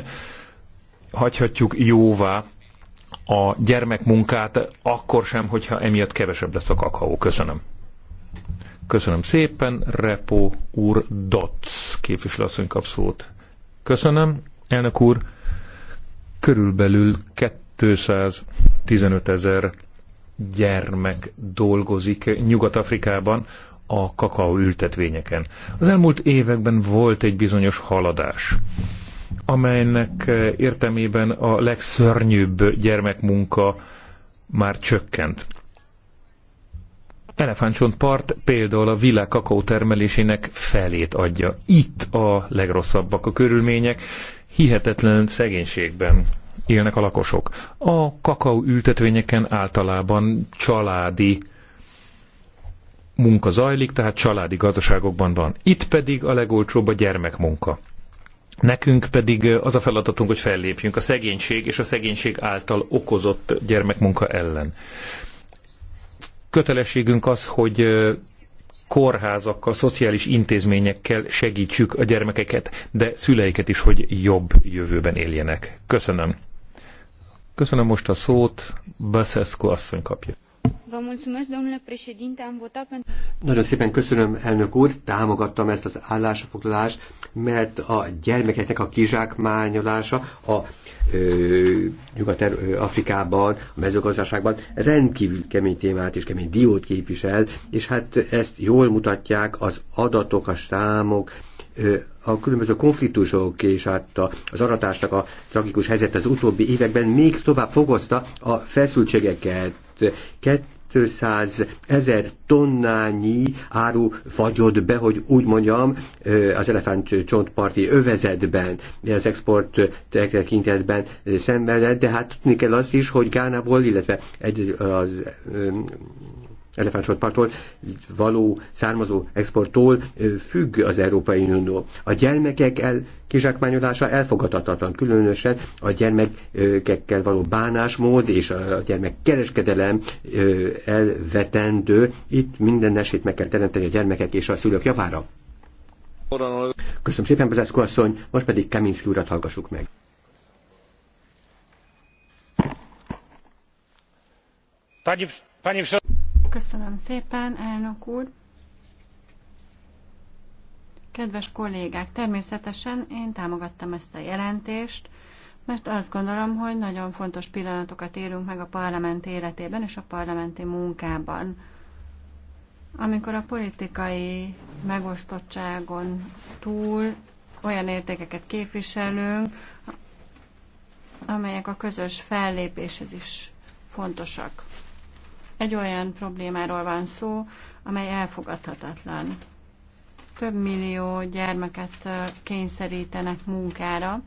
hagyhatjuk jóvá a gyermekmunkát, akkor sem, hogyha emiatt kevesebb lesz a kakaó. Köszönöm. Köszönöm szépen, Repo úr Dotz képviselőasszony kap szót. Köszönöm, elnök úr. Körülbelül 215 ezer gyermek dolgozik Nyugat-Afrikában a kakaó ültetvényeken. Az elmúlt években volt egy bizonyos haladás, amelynek értelmében a legszörnyűbb gyermekmunka már csökkent. Part például a világ kakaó termelésének felét adja. Itt a legrosszabbak a körülmények, hihetetlen szegénységben élnek a lakosok. A kakaó ültetvényeken általában családi munka zajlik, tehát családi gazdaságokban van. Itt pedig a legolcsóbb a gyermekmunka. Nekünk pedig az a feladatunk, hogy fellépjünk a szegénység és a szegénység által okozott gyermekmunka ellen. Kötelességünk az, hogy kórházakkal, szociális intézményekkel segítsük a gyermekeket, de szüleiket is, hogy jobb jövőben éljenek. Köszönöm. Köszönöm most a szót, Beszeszko asszony kapja. Nagyon szépen köszönöm, elnök úr, támogattam ezt az állásfoglalást, mert a gyermekeknek a kizsákmányolása a Nyugat-Afrikában, a mezőgazdaságban rendkívül kemény témát és kemény diót képvisel, és hát ezt jól mutatják az adatok, a számok, a különböző konfliktusok és hát az aratásnak a tragikus helyzet az utóbbi években még tovább fokozta a feszültségeket, 200 ezer tonnányi áru fagyott be, hogy úgy mondjam, az elefánt csontparti övezetben, az export tekintetben szenvedett, de hát tudni kell azt is, hogy Gánából, illetve egy, az elefántcsontparttól való származó exporttól függ az Európai Unió. A gyermekek el, kizsákmányolása elfogadhatatlan, különösen a gyermekekkel való bánásmód és a gyermekkereskedelem elvetendő. Itt minden esélyt meg kell teremteni a gyermekek és a szülők javára. Köszönöm szépen, Bezeszko asszony, most pedig Kaminski urat hallgassuk meg. Panie, panie Köszönöm szépen, elnök úr. Kedves kollégák, természetesen én támogattam ezt a jelentést, mert azt gondolom, hogy nagyon fontos pillanatokat élünk meg a parlament életében és a parlamenti munkában. Amikor a politikai megosztottságon túl olyan értékeket képviselünk, amelyek a közös fellépéshez is fontosak. Egy olyan problémáról van szó, amely elfogadhatatlan. Több millió gyermeket kényszerítenek munkára,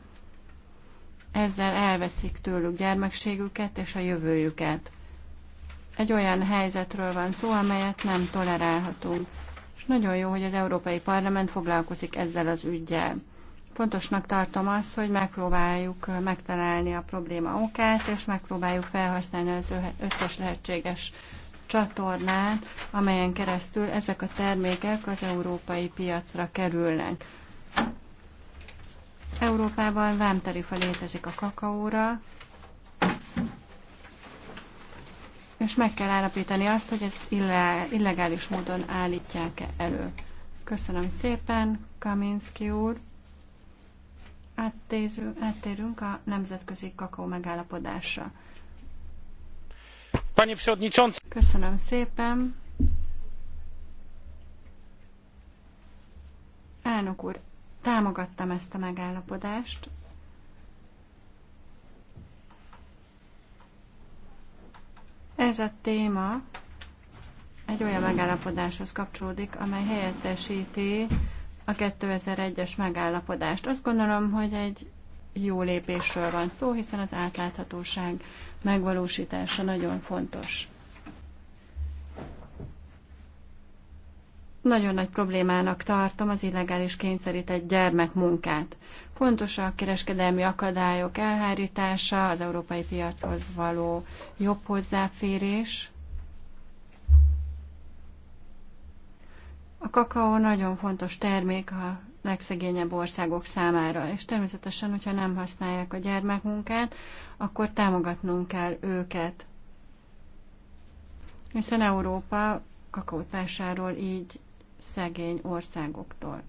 ezzel elveszik tőlük gyermekségüket és a jövőjüket. Egy olyan helyzetről van szó, amelyet nem tolerálhatunk. És nagyon jó, hogy az Európai Parlament foglalkozik ezzel az ügyjel. Fontosnak tartom azt, hogy megpróbáljuk megtalálni a probléma okát, és megpróbáljuk felhasználni az összes lehetséges csatornát, amelyen keresztül ezek a termékek az európai piacra kerülnek. Európában vámtarifa létezik a kakaóra, és meg kell állapítani azt, hogy ezt illegális módon állítják -e elő. Köszönöm szépen, Kaminski úr. Áttézünk, áttérünk a nemzetközi kakó megállapodásra. Panie Köszönöm szépen! Elnök úr, támogattam ezt a megállapodást. Ez a téma egy olyan megállapodáshoz kapcsolódik, amely helyettesíti a 2001-es megállapodást. Azt gondolom, hogy egy jó lépésről van szó, hiszen az átláthatóság megvalósítása nagyon fontos. Nagyon nagy problémának tartom az illegális kényszerített gyermekmunkát. Fontos a kereskedelmi akadályok elhárítása, az európai piachoz való jobb hozzáférés, A kakaó nagyon fontos termék a legszegényebb országok számára, és természetesen, hogyha nem használják a gyermekmunkát, akkor támogatnunk kell őket. Hiszen Európa kakaót vásárol így szegény országoktól.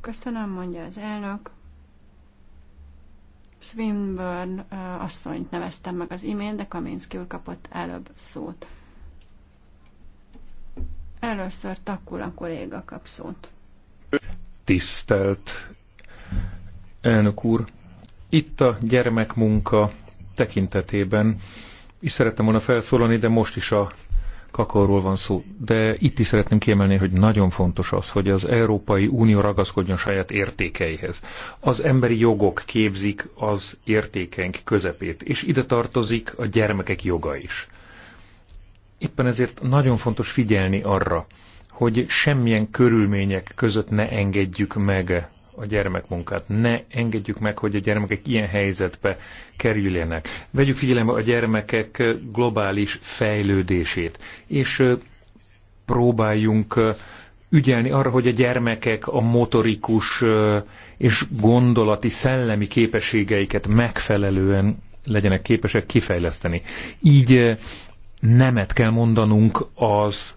Köszönöm, mondja az elnök. Swinburne asszonyt neveztem meg az imént, de Kaminski úr kapott előbb szót. Először Takkul a kolléga kap szót. Tisztelt elnök úr! Itt a gyermekmunka tekintetében is szerettem volna felszólalni, de most is a kakaóról van szó. De itt is szeretném kiemelni, hogy nagyon fontos az, hogy az Európai Unió ragaszkodjon saját értékeihez. Az emberi jogok képzik az értékeink közepét, és ide tartozik a gyermekek joga is. Éppen ezért nagyon fontos figyelni arra, hogy semmilyen körülmények között ne engedjük meg a gyermekmunkát. Ne engedjük meg, hogy a gyermekek ilyen helyzetbe kerüljenek. Vegyük figyelembe a gyermekek globális fejlődését, és próbáljunk ügyelni arra, hogy a gyermekek a motorikus és gondolati, szellemi képességeiket megfelelően legyenek képesek kifejleszteni. Így nemet kell mondanunk az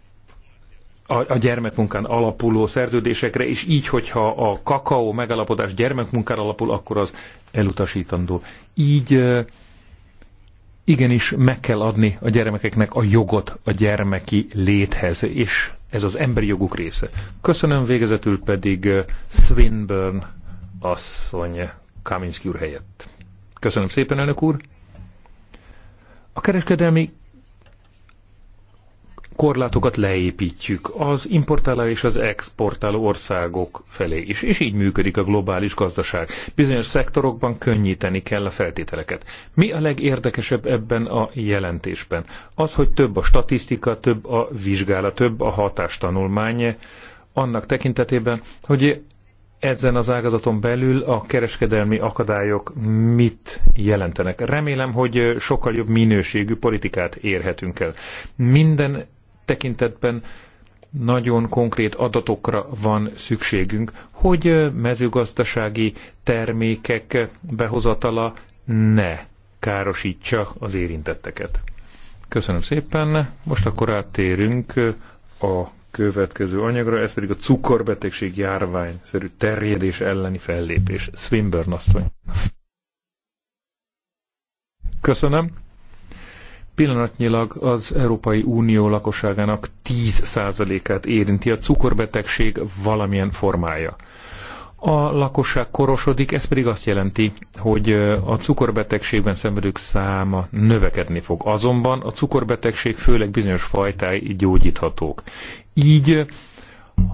a, a gyermekmunkán alapuló szerződésekre, és így, hogyha a kakaó megalapodás gyermekmunkán alapul, akkor az elutasítandó. Így igenis meg kell adni a gyermekeknek a jogot a gyermeki léthez, és ez az emberi joguk része. Köszönöm végezetül pedig Swinburne asszony Kaminski úr helyett. Köszönöm szépen, elnök úr! A kereskedelmi korlátokat leépítjük az importáló és az exportáló országok felé is, és így működik a globális gazdaság. Bizonyos szektorokban könnyíteni kell a feltételeket. Mi a legérdekesebb ebben a jelentésben? Az, hogy több a statisztika, több a vizsgálat, több a hatástanulmány, annak tekintetében, hogy ezen az ágazaton belül a kereskedelmi akadályok mit jelentenek. Remélem, hogy sokkal jobb minőségű politikát érhetünk el. Minden tekintetben nagyon konkrét adatokra van szükségünk, hogy mezőgazdasági termékek behozatala ne károsítsa az érintetteket. Köszönöm szépen. Most akkor áttérünk a következő anyagra, ez pedig a cukorbetegség szerű terjedés elleni fellépés. Swinburne asszony. Köszönöm. Pillanatnyilag az Európai Unió lakosságának 10%-át érinti a cukorbetegség valamilyen formája. A lakosság korosodik, ez pedig azt jelenti, hogy a cukorbetegségben szenvedők száma növekedni fog. Azonban a cukorbetegség főleg bizonyos fajtái gyógyíthatók. Így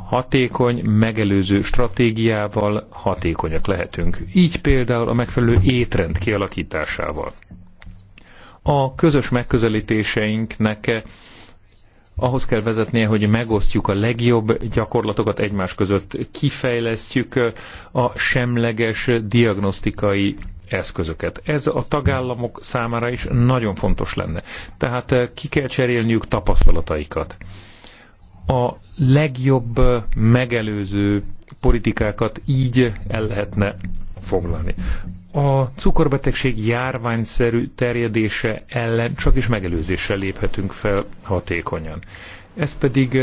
hatékony, megelőző stratégiával hatékonyak lehetünk. Így például a megfelelő étrend kialakításával. A közös megközelítéseinknek eh, ahhoz kell vezetnie, hogy megosztjuk a legjobb gyakorlatokat egymás között, kifejlesztjük eh, a semleges diagnosztikai eszközöket. Ez a tagállamok számára is nagyon fontos lenne. Tehát eh, ki kell cserélniük tapasztalataikat. A legjobb megelőző politikákat így el lehetne foglalni. A cukorbetegség járványszerű terjedése ellen csak is megelőzéssel léphetünk fel hatékonyan. Ez pedig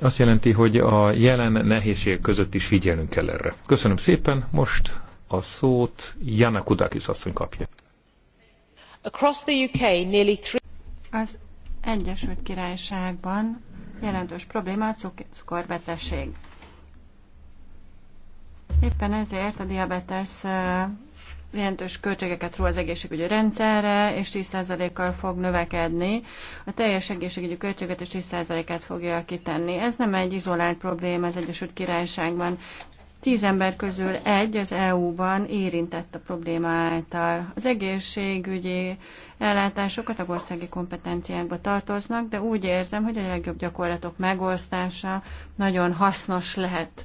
azt jelenti, hogy a jelen nehézségek között is figyelnünk kell erre. Köszönöm szépen, most a szót Jana Kudakis asszony kapja. Across the UK, nearly three... Az Egyesült Királyságban jelentős probléma a cukorbetegség. Éppen ezért a diabetes jelentős költségeket ró az egészségügyi rendszerre, és 10%-kal fog növekedni. A teljes egészségügyi költséget is 10%-át fogja kitenni. Ez nem egy izolált probléma az Egyesült Királyságban. Tíz ember közül egy az EU-ban érintett a probléma által. Az egészségügyi ellátások a tagországi kompetenciákba tartoznak, de úgy érzem, hogy a legjobb gyakorlatok megosztása nagyon hasznos lehet.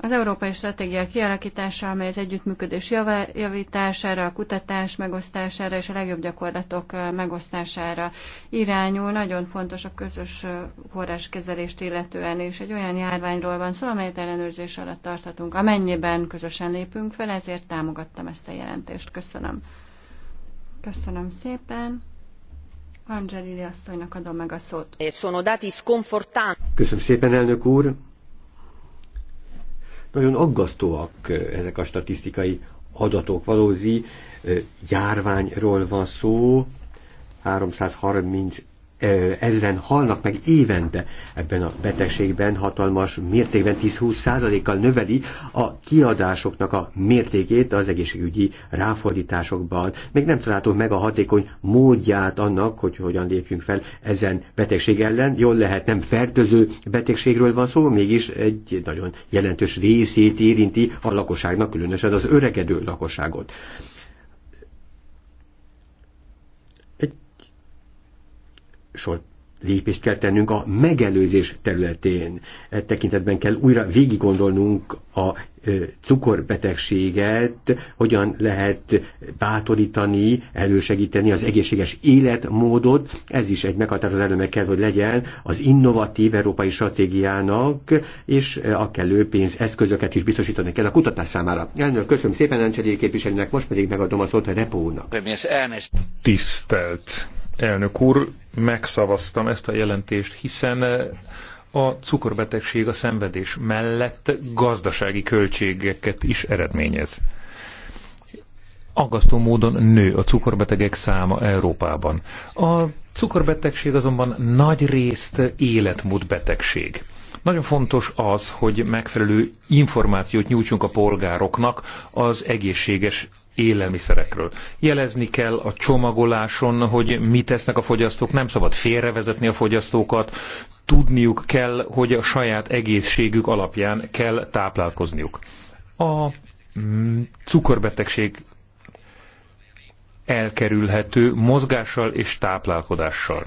Az európai stratégia kialakítása, amely az együttműködés javítására, a kutatás megosztására és a legjobb gyakorlatok megosztására irányul, nagyon fontos a közös forráskezelést illetően, és egy olyan járványról van szó, amelyet ellenőrzés alatt tarthatunk, amennyiben közösen lépünk fel, ezért támogattam ezt a jelentést. Köszönöm. Köszönöm szépen. Angelili asszonynak adom meg a szót. Köszönöm szépen, elnök úr. Nagyon aggasztóak eh, ezek a statisztikai adatok. Valózi eh, járványról van szó, 330 ezren halnak meg évente ebben a betegségben, hatalmas mértékben 10-20 százalékkal növeli a kiadásoknak a mértékét az egészségügyi ráfordításokban. Még nem találtuk meg a hatékony módját annak, hogy hogyan lépjünk fel ezen betegség ellen. Jól lehet, nem fertőző betegségről van szó, mégis egy nagyon jelentős részét érinti a lakosságnak, különösen az öregedő lakosságot. sor lépést kell tennünk a megelőzés területén. E tekintetben kell újra végig gondolnunk a cukorbetegséget, hogyan lehet bátorítani, elősegíteni az egészséges életmódot. Ez is egy meghatározó eleme kell, hogy legyen az innovatív európai stratégiának, és a kellő pénz eszközöket is biztosítani kell a kutatás számára. Elnök, köszönöm szépen Ancseli képviselőnek, most pedig megadom a szót a Repónak. Tisztelt elnök úr, megszavaztam ezt a jelentést, hiszen eh, a cukorbetegség a szenvedés mellett gazdasági költségeket is eredményez. Aggasztó módon nő a cukorbetegek száma Európában. A cukorbetegség azonban nagy részt életmódbetegség. Nagyon fontos az, hogy megfelelő információt nyújtsunk a polgároknak az egészséges élelmiszerekről. Jelezni kell a csomagoláson, hogy mit tesznek a fogyasztók, nem szabad félrevezetni a fogyasztókat, tudniuk kell, hogy a saját egészségük alapján kell táplálkozniuk. A mm, cukorbetegség elkerülhető mozgással és táplálkodással.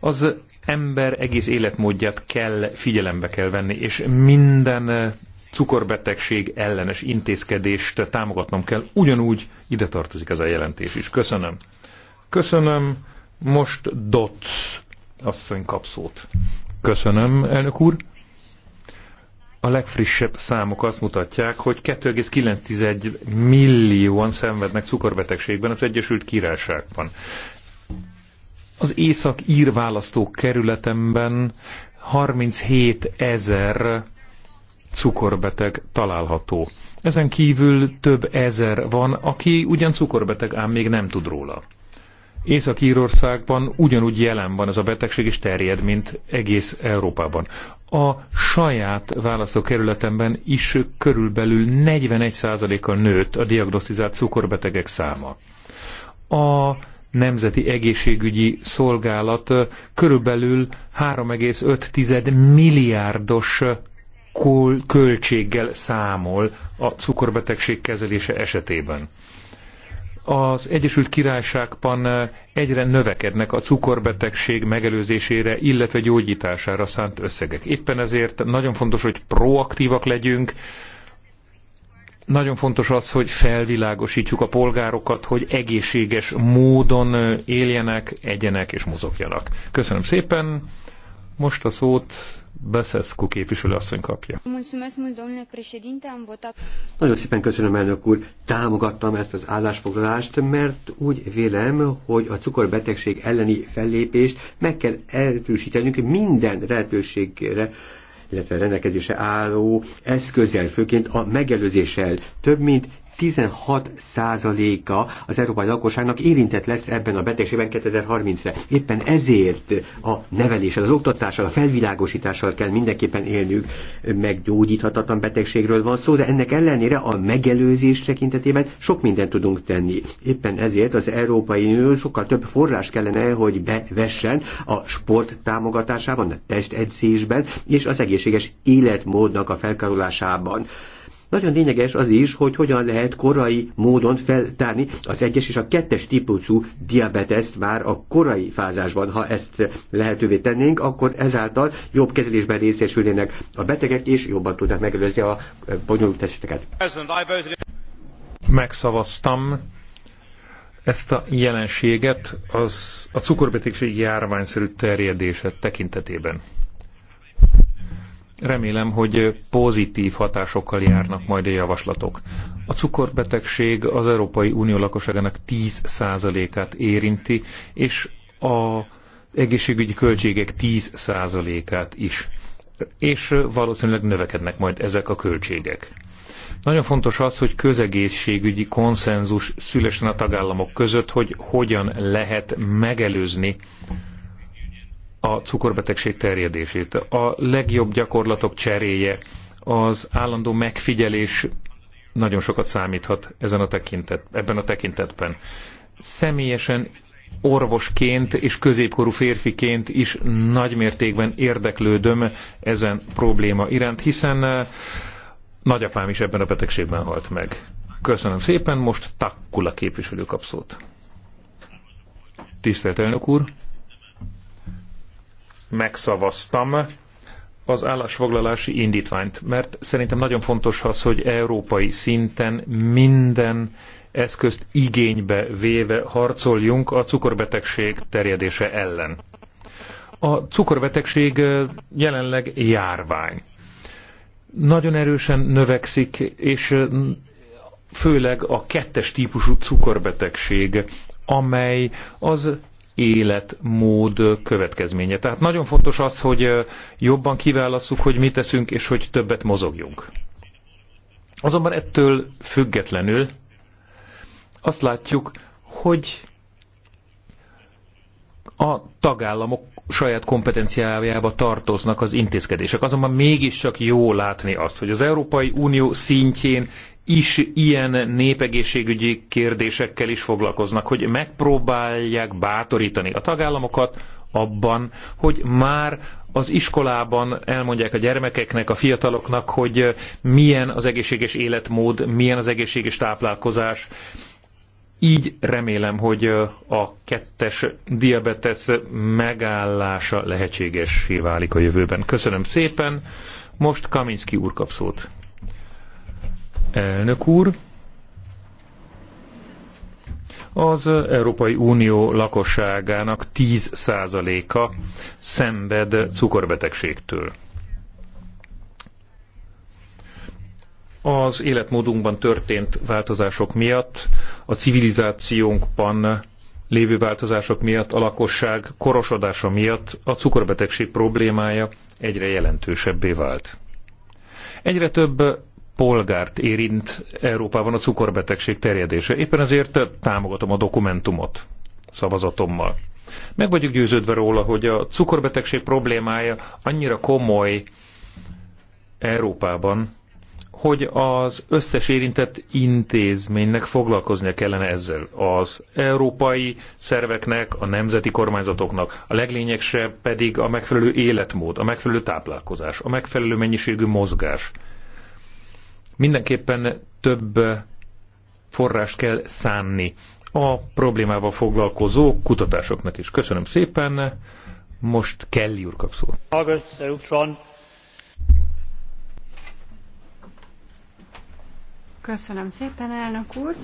Az ember egész életmódját kell figyelembe kell venni, és minden eh, cukorbetegség ellenes intézkedést támogatnom kell. Ugyanúgy ide tartozik ez a jelentés is. Köszönöm. Köszönöm. Most Dotz asszony kapszót. Köszönöm, elnök úr. A legfrissebb számok azt mutatják, hogy 2,9 millióan szenvednek cukorbetegségben az Egyesült Királyságban. Az észak-ír kerületemben 37 ezer cukorbeteg található. Ezen kívül több ezer van, aki ugyan cukorbeteg, ám még nem tud róla. Észak-Írországban ugyanúgy jelen van ez a betegség, és terjed, mint egész Európában. A saját választókerületemben is körülbelül 41 kal nőtt a diagnosztizált cukorbetegek száma. A nemzeti egészségügyi szolgálat körülbelül 3,5 milliárdos költséggel számol a cukorbetegség kezelése esetében. Az Egyesült Királyságban egyre növekednek a cukorbetegség megelőzésére, illetve gyógyítására szánt összegek. Éppen ezért nagyon fontos, hogy proaktívak legyünk, nagyon fontos az, hogy felvilágosítjuk a polgárokat, hogy egészséges módon éljenek, egyenek és mozogjanak. Köszönöm szépen. Most a szót Beszeszku asszony kapja. Nagyon szépen köszönöm, elnök úr. Támogattam ezt az állásfoglalást, mert úgy vélem, hogy a cukorbetegség elleni fellépést meg kell erősítenünk minden lehetőségre illetve rendelkezésre álló eszközzel, főként a megelőzéssel több mint 16%-a az európai lakosságnak érintett lesz ebben a betegségben 2030-re. Éppen ezért a neveléssel, az oktatással, a felvilágosítással kell mindenképpen élnünk. Meggyógyíthatatlan betegségről van szó, de ennek ellenére a megelőzés tekintetében sok mindent tudunk tenni. Éppen ezért az Európai Unió sokkal több forrás kellene, hogy bevessen a sport támogatásában, a testedzésben és az egészséges életmódnak a felkarolásában. Nagyon lényeges az is, hogy hogyan lehet korai módon feltárni az egyes és a kettes típusú diabeteszt már a korai fázásban. Ha ezt lehetővé tennénk, akkor ezáltal jobb kezelésben részesülnének a betegek, és jobban tudnak megelőzni a bonyolult eseteket. Megszavaztam ezt a jelenséget az a cukorbetegség járványszerű terjedése tekintetében remélem, hogy pozitív hatásokkal járnak majd a javaslatok. A cukorbetegség az Európai Unió lakosságának 10%-át érinti, és a egészségügyi költségek 10%-át is. És valószínűleg növekednek majd ezek a költségek. Nagyon fontos az, hogy közegészségügyi konszenzus szülessen a tagállamok között, hogy hogyan lehet megelőzni a cukorbetegség terjedését. A legjobb gyakorlatok cseréje, az állandó megfigyelés nagyon sokat számíthat ezen a tekintet, ebben a tekintetben. Személyesen orvosként és középkorú férfiként is nagymértékben érdeklődöm ezen probléma iránt, hiszen eh, nagyapám is ebben a betegségben halt meg. Köszönöm szépen, most Takkula képviselő kap szót. Tisztelt elnök úr! megszavaztam az állásfoglalási indítványt, mert szerintem nagyon fontos az, hogy európai szinten minden eszközt igénybe véve harcoljunk a cukorbetegség terjedése ellen. A cukorbetegség jelenleg járvány. Nagyon erősen növekszik, és főleg a kettes típusú cukorbetegség, amely az életmód következménye. Tehát nagyon fontos az, hogy jobban kiválasszuk, hogy mit teszünk, és hogy többet mozogjunk. Azonban ettől függetlenül azt látjuk, hogy a tagállamok saját kompetenciájába tartoznak az intézkedések. Azonban mégiscsak jó látni azt, hogy az Európai Unió szintjén is ilyen népegészségügyi kérdésekkel is foglalkoznak, hogy megpróbálják bátorítani a tagállamokat abban, hogy már az iskolában elmondják a gyermekeknek, a fiataloknak, hogy milyen az egészséges életmód, milyen az egészséges táplálkozás. Így remélem, hogy a kettes diabetes megállása lehetséges válik a jövőben. Köszönöm szépen. Most Kaminski úr kap szót. Elnök úr, az Európai Unió lakosságának 10%-a szenved cukorbetegségtől. Az életmódunkban történt változások miatt, a civilizációnkban lévő változások miatt, a lakosság korosodása miatt a cukorbetegség problémája egyre jelentősebbé vált. Egyre több polgárt érint Európában a cukorbetegség terjedése. Éppen ezért támogatom a dokumentumot szavazatommal. Meg vagyok győződve róla, hogy a cukorbetegség problémája annyira komoly Európában, hogy az összes érintett intézménynek foglalkoznia kellene ezzel. Az európai szerveknek, a nemzeti kormányzatoknak, a leglényegsebb pedig a megfelelő életmód, a megfelelő táplálkozás, a megfelelő mennyiségű mozgás. Mindenképpen több forrás kell szánni a problémával foglalkozó kutatásoknak is. Köszönöm szépen, most Kelly úr kap szót. Köszönöm szépen, elnök úr.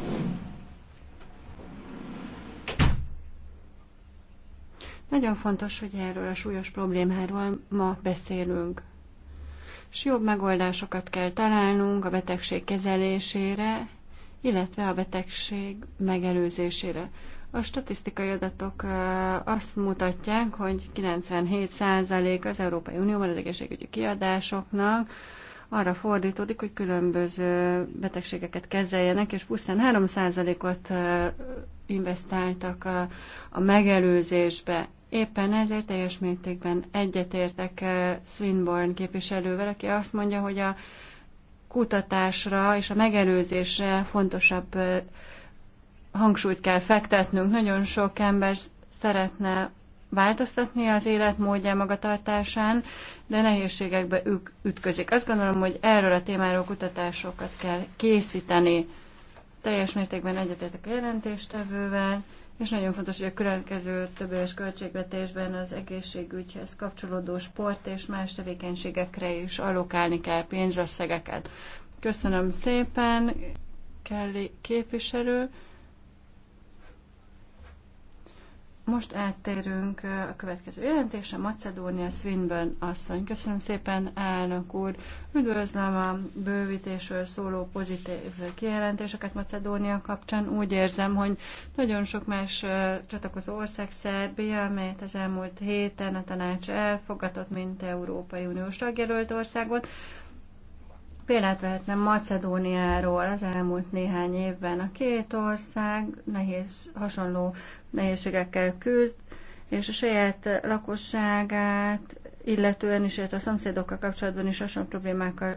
Nagyon fontos, hogy erről a súlyos problémáról ma beszélünk és jobb megoldásokat kell találnunk a betegség kezelésére, illetve a betegség megelőzésére. A statisztikai adatok azt mutatják, hogy 97% az Európai Unióban az egészségügyi kiadásoknak arra fordítódik, hogy különböző betegségeket kezeljenek, és pusztán 3%-ot investáltak a, a megelőzésbe. Éppen ezért teljes mértékben egyetértek Swinburne képviselővel, aki azt mondja, hogy a kutatásra és a megelőzésre fontosabb hangsúlyt kell fektetnünk. Nagyon sok ember szeretne változtatni az életmódja magatartásán, de nehézségekbe ők ütközik. Azt gondolom, hogy erről a témáról kutatásokat kell készíteni. Teljes mértékben egyetetek a jelentéstevővel, és nagyon fontos, hogy a következő többéves költségvetésben az egészségügyhez kapcsolódó sport és más tevékenységekre is allokálni kell pénzösszegeket. Köszönöm szépen, Kelly képviselő. Most áttérünk a következő jelentésre, Macedónia Swinburne asszony. Köszönöm szépen, elnök úr. Üdvözlöm a bővítésről szóló pozitív kijelentéseket Macedónia kapcsán. Úgy érzem, hogy nagyon sok más csatlakozó ország, Szerbia, amelyet az elmúlt héten a tanács elfogadott, mint Európai Uniós tagjelölt országot, Példát vehetnem Macedóniáról az elmúlt néhány évben. A két ország nehéz, hasonló nehézségekkel küzd, és a saját lakosságát illetően is, illetve a szomszédokkal kapcsolatban is hasonló problémákkal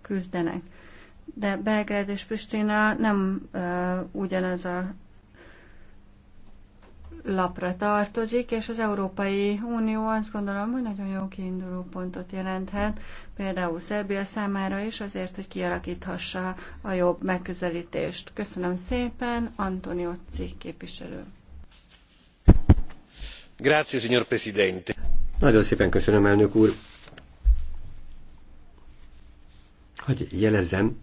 küzdenek. De Belgrád és Pristina nem uh, ugyanaz a lapra tartozik, és az Európai Unió azt gondolom, hogy nagyon jó kiinduló pontot jelenthet, például Szerbia számára is, azért, hogy kialakíthassa a jobb megközelítést. Köszönöm szépen, Antonio Cikk képviselő. Nagyon szépen köszönöm, elnök úr. Hogy jelezzem,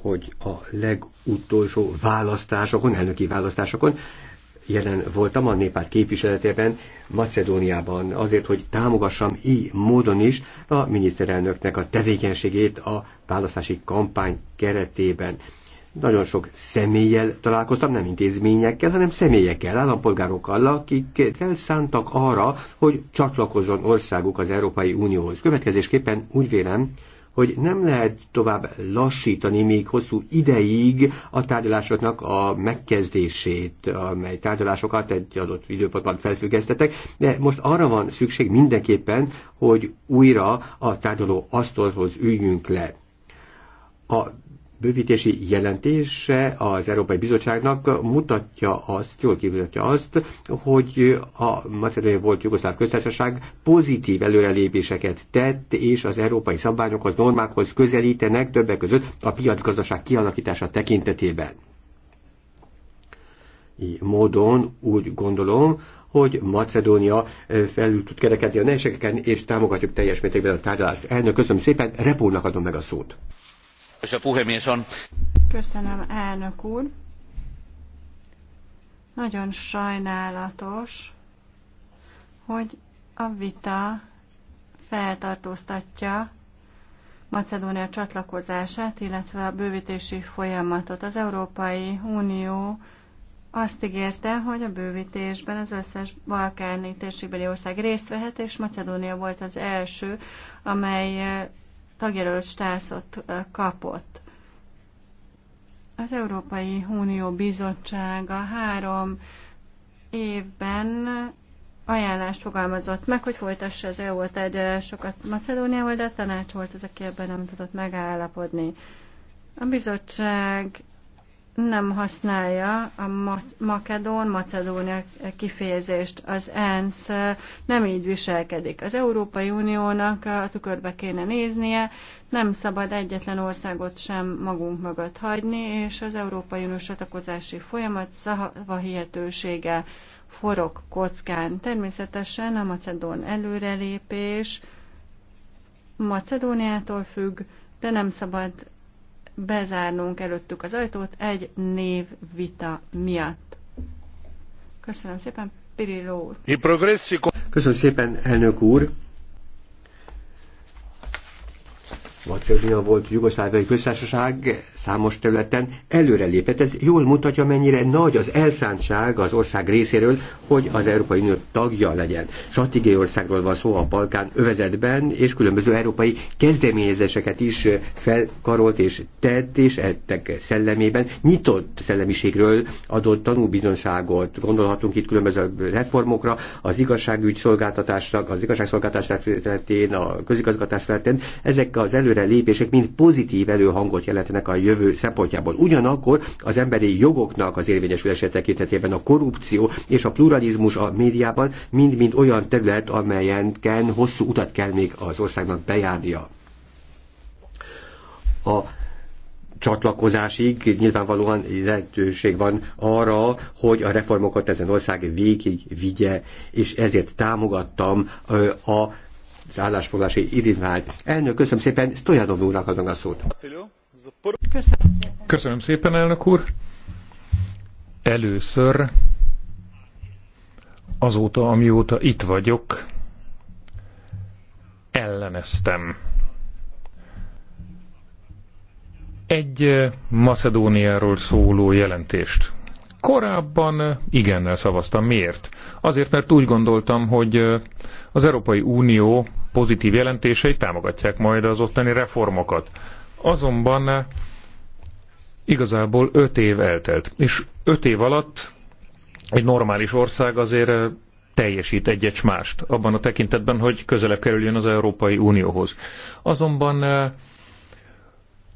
hogy a legutolsó választásokon, elnöki választásokon jelen voltam a néppárt képviseletében Macedóniában azért, hogy támogassam így módon is a miniszterelnöknek a tevékenységét a választási kampány keretében. Nagyon sok személlyel találkoztam, nem intézményekkel, hanem személyekkel, állampolgárokkal, akik felszántak arra, hogy csatlakozzon országuk az Európai Unióhoz. Következésképpen úgy vélem, hogy nem lehet tovább lassítani még hosszú ideig a tárgyalásoknak a megkezdését, amely tárgyalásokat egy adott időpontban felfüggesztetek, de most arra van szükség mindenképpen, hogy újra a tárgyaló asztalhoz üljünk le. A bővítési jelentése az Európai Bizottságnak mutatja azt, jól kimutatja azt, hogy a Macedónia volt Jugoszláv köztársaság pozitív előrelépéseket tett, és az európai szabványokhoz, normákhoz közelítenek többek között a piacgazdaság kialakítása tekintetében. Így módon úgy gondolom, hogy Macedónia eh, felül tud kerekedni a nehézségeken, és támogatjuk teljes mértékben a tárgyalást. Elnök, köszönöm szépen, Repulnak adom meg a szót. Köszönöm, elnök úr. Nagyon sajnálatos, hogy a vita feltartóztatja Macedónia csatlakozását, illetve a bővítési folyamatot. Az Európai Unió azt ígérte, hogy a bővítésben az összes balkáni térségbeli ország részt vehet, és Macedónia volt az első, amely tagjelölt stászot kapott. Az Európai Unió Bizottsága három évben ajánlást fogalmazott meg, hogy folytassa az EU tárgyalásokat Macedóniával, de a tanács volt az, aki ebben nem tudott megállapodni. A bizottság nem használja a makedón, macedónia kifejezést. Az ENSZ nem így viselkedik. Az Európai Uniónak a tükörbe kéne néznie, nem szabad egyetlen országot sem magunk mögött hagyni, és az Európai Uniós csatlakozási folyamat szava hihetősége forog kockán. Természetesen a macedón előrelépés Macedóniától függ, de nem szabad bezárnunk előttük az ajtót egy név vita miatt. Köszönöm szépen, Pirilló úr. Köszönöm szépen, elnök úr. Macedónia volt Jugoszláviai Köztársaság számos területen előrelépett. Ez jól mutatja, mennyire nagy az elszántság az ország részéről, hogy az Európai Unió tagja legyen. Stratégiai országról van szó a Balkán övezetben, és különböző európai kezdeményezéseket is felkarolt és tett, és ettek szellemében nyitott szellemiségről adott tanúbizonságot. Gondolhatunk itt különböző reformokra, az igazságügy szolgáltatásnak, az igazságszolgáltatás területén, a közigazgatás területén. Ezek az elő előre lépések mind pozitív előhangot jelentenek a jövő szempontjából. Ugyanakkor az emberi jogoknak az érvényesülése tekintetében a korrupció és a pluralizmus a médiában mind-mind olyan terület, amelyenken hosszú utat kell még az országnak bejárnia. A csatlakozásig nyilvánvalóan lehetőség van arra, hogy a reformokat ezen ország végig vigye, és ezért támogattam a állásfoglási indítványt. Elnök, köszönöm szépen, Stojanov úrnak adom a szót. köszönöm szépen, elnök úr. Először azóta, amióta itt vagyok, elleneztem egy Macedóniáról szóló jelentést. Korábban igennel szavaztam. Miért? Azért, mert úgy gondoltam, hogy az Európai Unió pozitív jelentései támogatják majd az ottani reformokat. Azonban igazából öt év eltelt, és öt év alatt egy normális ország azért teljesít egyet mást abban a tekintetben, hogy közelebb kerüljön az Európai Unióhoz. Azonban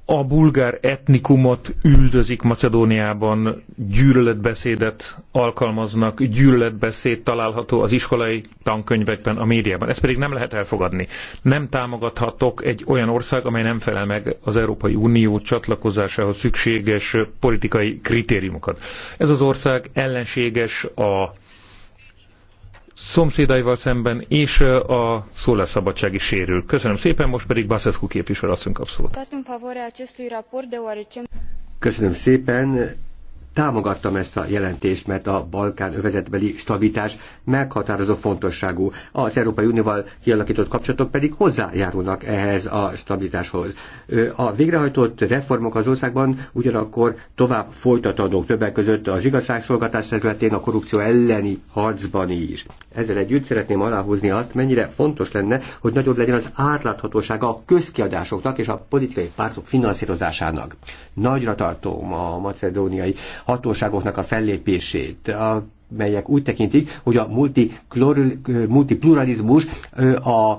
a bulgár etnikumot üldözik Macedóniában, gyűlöletbeszédet alkalmaznak, gyűlöletbeszéd található az iskolai tankönyvekben, a médiában. Ezt pedig nem lehet elfogadni. Nem támogathatok egy olyan ország, amely nem felel meg az Európai Unió csatlakozásához szükséges politikai kritériumokat. Ez az ország ellenséges a szomszédaival szemben, és a szólásszabadság is sérül. Köszönöm szépen, most pedig Baszeszku képviselő asszony kap szót. Köszönöm szépen, támogattam ezt a jelentést, mert a Balkán övezetbeli stabilitás meghatározó fontosságú. Az Európai Unióval kialakított kapcsolatok pedig hozzájárulnak ehhez a stabilitáshoz. A végrehajtott reformok az országban ugyanakkor tovább folytatódók többek között az igazságszolgáltás területén, a korrupció elleni harcban is. Ezzel együtt szeretném aláhúzni azt, mennyire fontos lenne, hogy nagyobb legyen az átláthatósága a közkiadásoknak és a politikai pártok finanszírozásának. Nagyra tartom a macedóniai hatóságoknak a fellépését. A melyek úgy tekintik, hogy a multipluralizmus a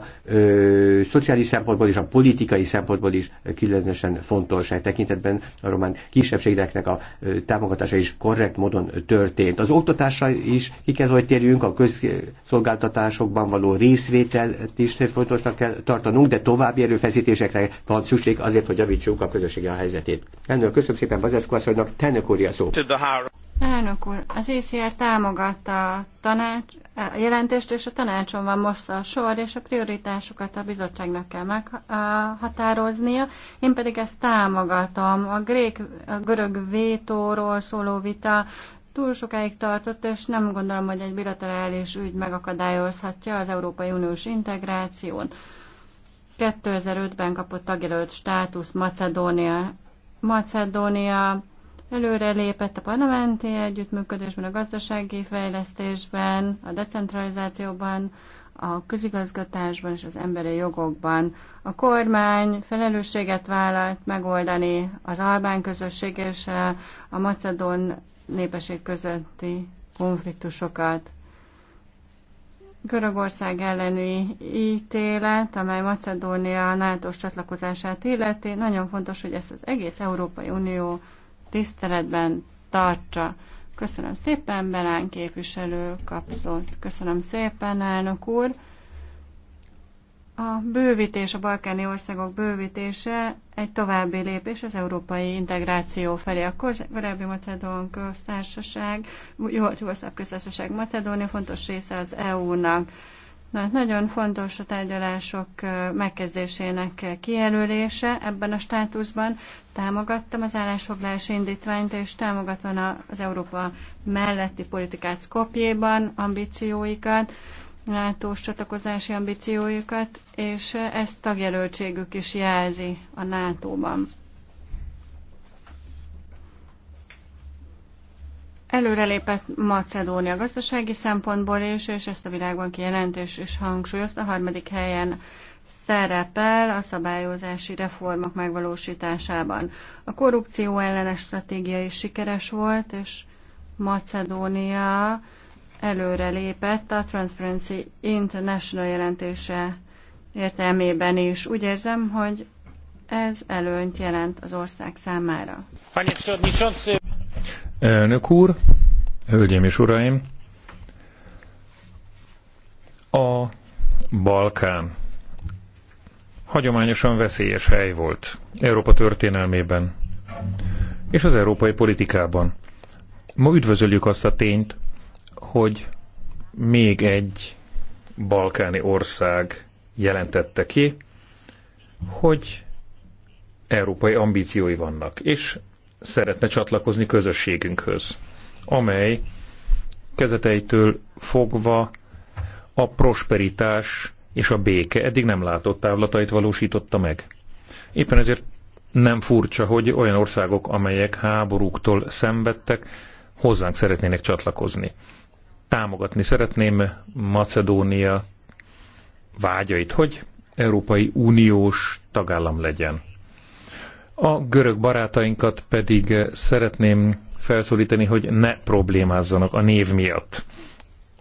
szociális szempontból és a politikai szempontból is különösen fontos. egy tekintetben a román kisebbségeknek a támogatása is korrekt módon történt. Az oktatásra is ki kell, hogy térjünk, a közszolgáltatásokban való részvételt is fontosnak kell tartanunk, de további erőfeszítésekre van szükség azért, hogy javítsuk a közösségi helyzetét. Ennél köszönöm szépen Bazeszko asszonynak, tennök úr a szó. Elnök úr, az ICR e támogatta a, tanács, a jelentést, és a tanácson van most a sor, és a prioritásokat a bizottságnak kell meghatároznia. Én pedig ezt támogatom. A, grék, a görög vétóról szóló vita túl sokáig tartott, és nem gondolom, hogy egy bilaterális ügy megakadályozhatja az Európai Uniós integráción. 2005-ben kapott tagjelölt státusz Macedónia. Macedónia Előre lépett a parlamenti együttműködésben, a gazdasági fejlesztésben, a decentralizációban, a közigazgatásban és az emberi jogokban. A kormány felelősséget vállalt megoldani az albán közösség és a macedon népesség közötti konfliktusokat. Görögország elleni ítélet, amely Macedónia NATO csatlakozását illeti, nagyon fontos, hogy ezt az egész Európai Unió tiszteletben tartsa. Köszönöm szépen, Belán képviselő kapszolt. Köszönöm szépen, elnök úr. A bővítés, a balkáni országok bővítése egy további lépés az európai integráció felé. A korábbi Macedón köztársaság, Jugoszláv köztársaság Macedónia fontos része az EU-nak. Na, hát nagyon fontos a tárgyalások megkezdésének kijelölése ebben a státuszban. Támogattam az állásfoglalási indítványt, és támogatva az Európa melletti politikát Skopjéban, ambícióikat, NATO-s csatlakozási ambícióikat, és ezt tagjelöltségük is jelzi a NATO-ban. Előrelépett Macedónia gazdasági szempontból is, és ezt a világban kijelentés is hangsúlyozta. A harmadik helyen szerepel a szabályozási reformok megvalósításában. A korrupció ellenes stratégia is sikeres volt, és Macedónia előrelépett a Transparency International jelentése értelmében is. Úgy érzem, hogy ez előnyt jelent az ország számára. Panie Elnök úr, hölgyeim és uraim, a Balkán hagyományosan veszélyes hely volt Európa történelmében és az európai politikában. Ma üdvözöljük azt a tényt, hogy még egy balkáni ország jelentette ki, hogy európai ambíciói vannak, és szeretne csatlakozni közösségünkhöz, amely kezeteitől fogva a prosperitás és a béke eddig nem látott távlatait valósította meg. Éppen ezért nem furcsa, hogy olyan országok, amelyek háborúktól szenvedtek, hozzánk szeretnének csatlakozni. Támogatni szeretném Macedónia vágyait, hogy Európai Uniós tagállam legyen. A görög barátainkat pedig eh, szeretném felszólítani, hogy ne problémázzanak a név miatt.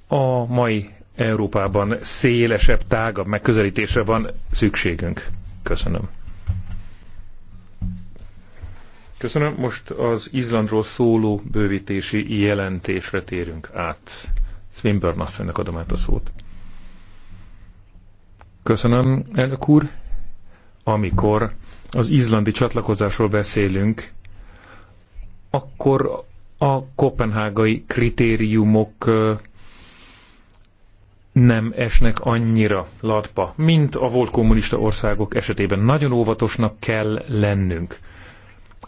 A mai Európában szélesebb, tágabb megközelítésre van szükségünk. Köszönöm. Köszönöm. Most az Izlandról szóló bővítési jelentésre térünk át. Swinburne asszonynak adom át a szót. Köszönöm, elnök úr. Amikor az izlandi csatlakozásról beszélünk, akkor a kopenhágai kritériumok nem esnek annyira latba, mint a volt kommunista országok esetében. Nagyon óvatosnak kell lennünk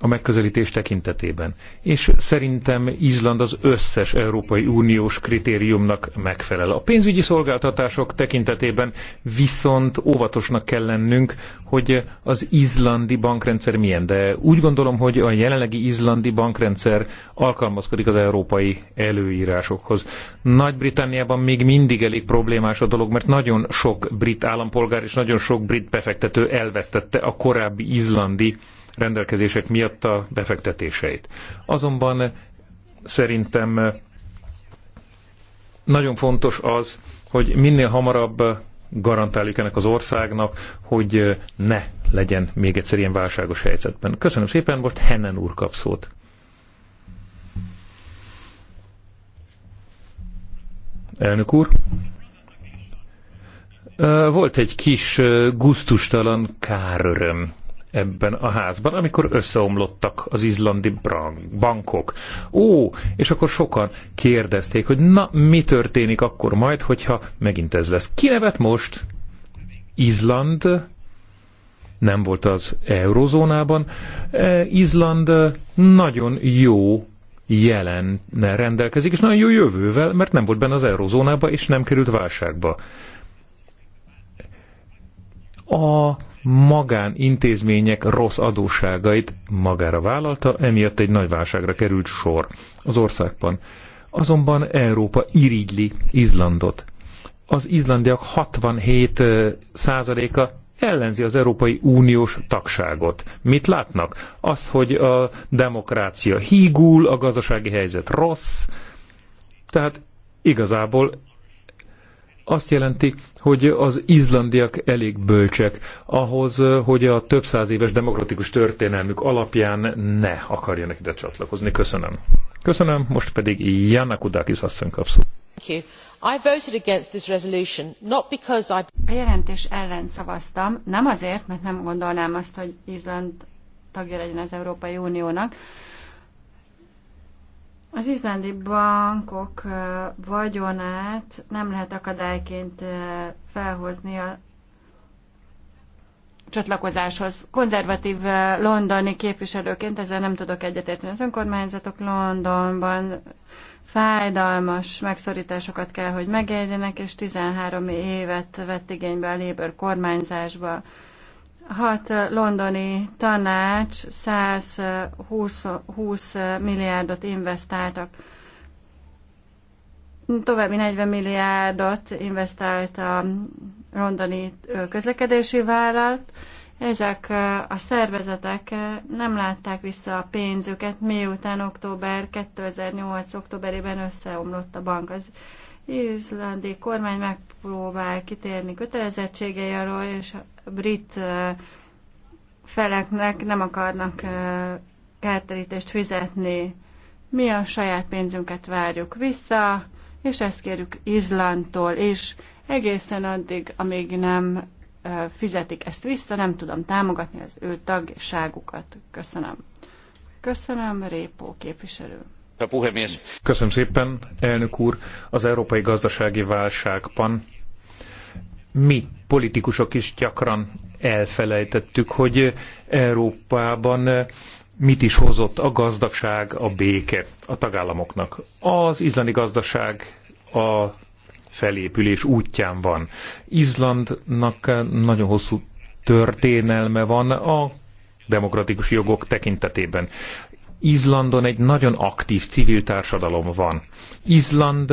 a megközelítés tekintetében. És szerintem Izland az összes Európai Uniós kritériumnak megfelel. A pénzügyi szolgáltatások tekintetében viszont óvatosnak kell lennünk, hogy az izlandi bankrendszer milyen. De úgy gondolom, hogy a jelenlegi izlandi bankrendszer alkalmazkodik az európai előírásokhoz. Nagy-Britanniában még mindig elég problémás a dolog, mert nagyon sok brit állampolgár és nagyon sok brit befektető elvesztette a korábbi izlandi rendelkezések miatt a befektetéseit. Azonban szerintem nagyon fontos az, hogy minél hamarabb garantáljuk ennek az országnak, hogy ne legyen még egyszer ilyen válságos helyzetben. Köszönöm szépen, most Hennen úr kap szót. Elnök úr. Volt egy kis guztustalan káröröm ebben a házban, amikor összeomlottak az izlandi bankok. Ó, és akkor sokan kérdezték, hogy na, mi történik akkor majd, hogyha megint ez lesz. Ki nevet most? Izland nem volt az eurozónában. E, Izland e, nagyon jó jelen rendelkezik, és nagyon jó jövővel, mert nem volt benne az eurozónába, és nem került válságba. A magánintézmények rossz adósságait magára vállalta, emiatt egy nagy válságra került sor az országban. Azonban Európa irigyli Izlandot. Az izlandiak 67 százaléka ellenzi az Európai Uniós tagságot. Mit látnak? Az, hogy a demokrácia hígul, a gazdasági helyzet rossz, tehát igazából azt jelenti, hogy az izlandiak elég bölcsek ahhoz, hogy a több száz éves demokratikus történelmük alapján ne akarjanak ide csatlakozni. Köszönöm. Köszönöm, most pedig Jana Kudakis asszony kapszó. A jelentés ellen szavaztam, nem azért, mert nem gondolnám azt, hogy Izland tagja legyen az Európai Uniónak, az izlandi bankok vagyonát nem lehet akadályként felhozni a csatlakozáshoz. Konzervatív londoni képviselőként ezzel nem tudok egyetérteni. Az önkormányzatok Londonban fájdalmas megszorításokat kell, hogy megéljenek, és 13 évet vett igénybe a Labour kormányzásba hat londoni tanács 120 milliárdot investáltak. További 40 milliárdot investált a londoni közlekedési vállalat. Ezek a szervezetek nem látták vissza a pénzüket, miután október 2008. októberében összeomlott a bank. Az izlandi kormány megpróbál kitérni kötelezettségei arról, és a brit feleknek nem akarnak kárterítést fizetni. Mi a saját pénzünket várjuk vissza, és ezt kérjük Izlandtól is, egészen addig, amíg nem fizetik ezt vissza, nem tudom támogatni az ő tagságukat. Köszönöm. Köszönöm, Répó képviselő. Köszönöm szépen, elnök úr. Az európai gazdasági válságban mi politikusok is gyakran elfelejtettük, hogy Európában mit is hozott a gazdagság, a béke a tagállamoknak. Az izlandi gazdaság a felépülés útján van. Izlandnak nagyon hosszú történelme van a demokratikus jogok tekintetében. Izlandon egy nagyon aktív civil társadalom van. Izland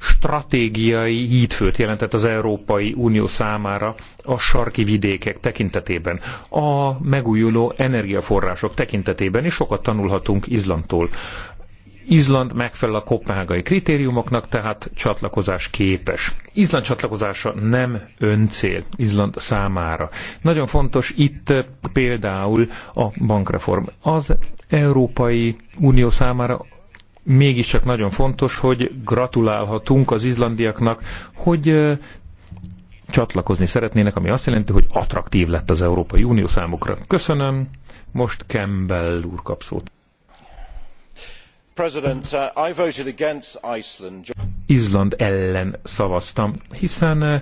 stratégiai hídfőt jelentett az Európai Unió számára a sarki vidékek tekintetében, a megújuló energiaforrások tekintetében és sokat tanulhatunk Izlandtól. Izland megfelel a kopenhágai kritériumoknak, tehát csatlakozás képes. Izland csatlakozása nem öncél Izland számára. Nagyon fontos itt például a bankreform. Az Európai Unió számára mégiscsak nagyon fontos, hogy gratulálhatunk az izlandiaknak, hogy csatlakozni szeretnének, ami azt jelenti, hogy attraktív lett az Európai Unió számukra. Köszönöm, most Campbell úr kap szót. Uh, Izland ellen szavaztam, hiszen uh,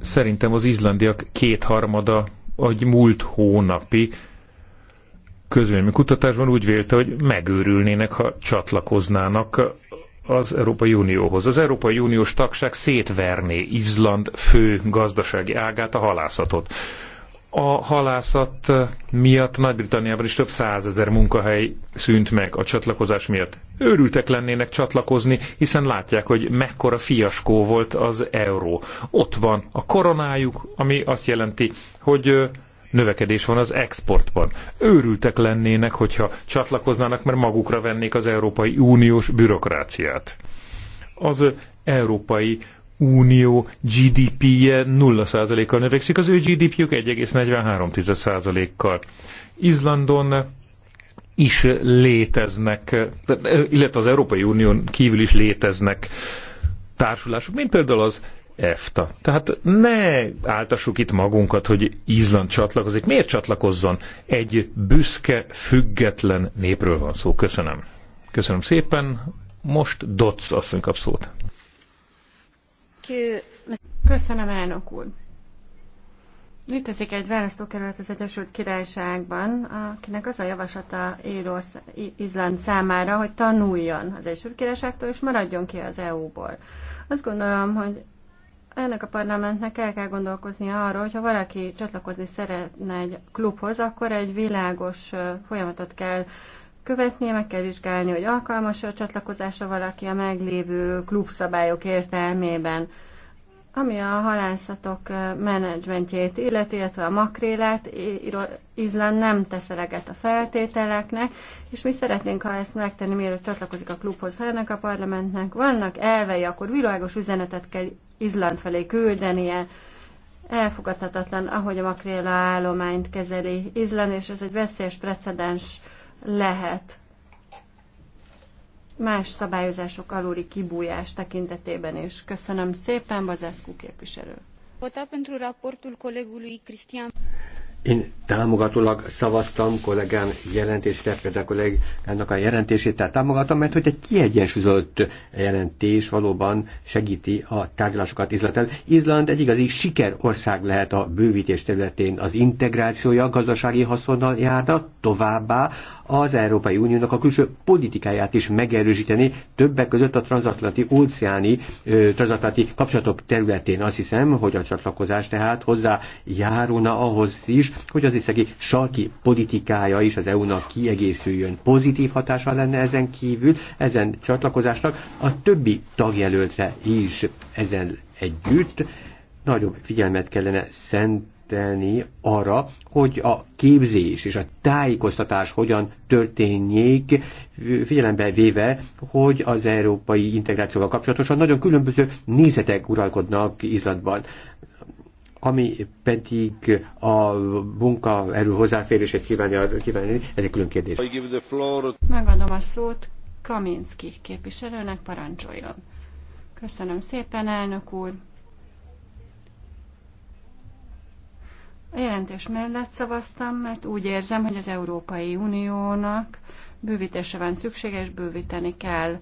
szerintem az izlandiak kétharmada egy múlt hónapi közvélemény kutatásban úgy vélte, hogy megőrülnének, ha csatlakoznának az Európai Unióhoz. Az Európai Uniós tagság szétverné Izland fő gazdasági ágát, a halászatot a halászat miatt Nagy-Britanniában is több százezer munkahely szűnt meg a csatlakozás miatt. Őrültek lennének csatlakozni, hiszen látják, hogy mekkora fiaskó volt az euró. Ott van a koronájuk, ami azt jelenti, hogy növekedés van az exportban. Őrültek lennének, hogyha csatlakoznának, mert magukra vennék az Európai Uniós bürokráciát. Az Európai Unió GDP-je 0%-kal növekszik, az ő GDP-jük 1,43%-kal. Izlandon is léteznek, illetve az Európai Unión kívül is léteznek társulások, mint például az EFTA. Tehát ne áltassuk itt magunkat, hogy Izland csatlakozik. Miért csatlakozzon? Egy büszke, független népről van szó. Köszönöm. Köszönöm szépen. Most Dotz asszony kap szót. Köszönöm, elnök úr. Létezik egy választókerület az Egyesült Királyságban, akinek az a javaslata Írország, Izland számára, hogy tanuljon az Egyesült Királyságtól, és maradjon ki az EU-ból. Azt gondolom, hogy ennek a parlamentnek el kell gondolkoznia arról, hogyha valaki csatlakozni szeretne egy klubhoz, akkor egy világos folyamatot kell követnie, meg kell vizsgálni, hogy alkalmas a csatlakozása valaki a meglévő klubszabályok értelmében. Ami a halászatok eh, menedzsmentjét illeti, illetve a makrélát, Izland nem tesz eleget a feltételeknek, és mi szeretnénk, ha ezt megtenni, mielőtt csatlakozik a klubhoz, ha ennek a parlamentnek vannak elvei, akkor világos üzenetet kell Izland felé küldenie, elfogadhatatlan, ahogy a makréla állományt kezeli Izland, és ez egy veszélyes precedens lehet más szabályozások aluli kibújás tekintetében is. Köszönöm szépen, Bazeszkú képviselő. Én támogatólag szavaztam kollégám jelentésre, például a kollégának a jelentését, tehát támogatom, mert hogy egy kiegyensúlyozott jelentés valóban segíti a tárgyalásokat Izlandel. Izland egy igazi sikerország lehet a bővítés területén. Az integrációja gazdasági haszonnal járna, továbbá az Európai Uniónak a külső politikáját is megerősíteni, többek között a transatlanti óceáni, transatlanti kapcsolatok területén. Azt hiszem, hogy a csatlakozás tehát hozzá járulna ahhoz is, hogy az iszegi sarki politikája is az EU-nak kiegészüljön. Pozitív hatása lenne ezen kívül, ezen csatlakozásnak a többi tagjelöltre is ezen együtt nagyobb figyelmet kellene szent odafigyelni arra, hogy a képzés és a tájékoztatás hogyan történjék, figyelembe véve, hogy az európai integrációval kapcsolatosan nagyon különböző nézetek uralkodnak Izlandban ami pedig a erő hozzáférését kívánja, kívánni, ez egy külön kérdés. Megadom a szót Kaminski képviselőnek, parancsoljon. Köszönöm szépen, elnök úr. A jelentés mellett szavaztam, mert úgy érzem, hogy az Európai Uniónak bővítése van szüksége, és bővíteni kell.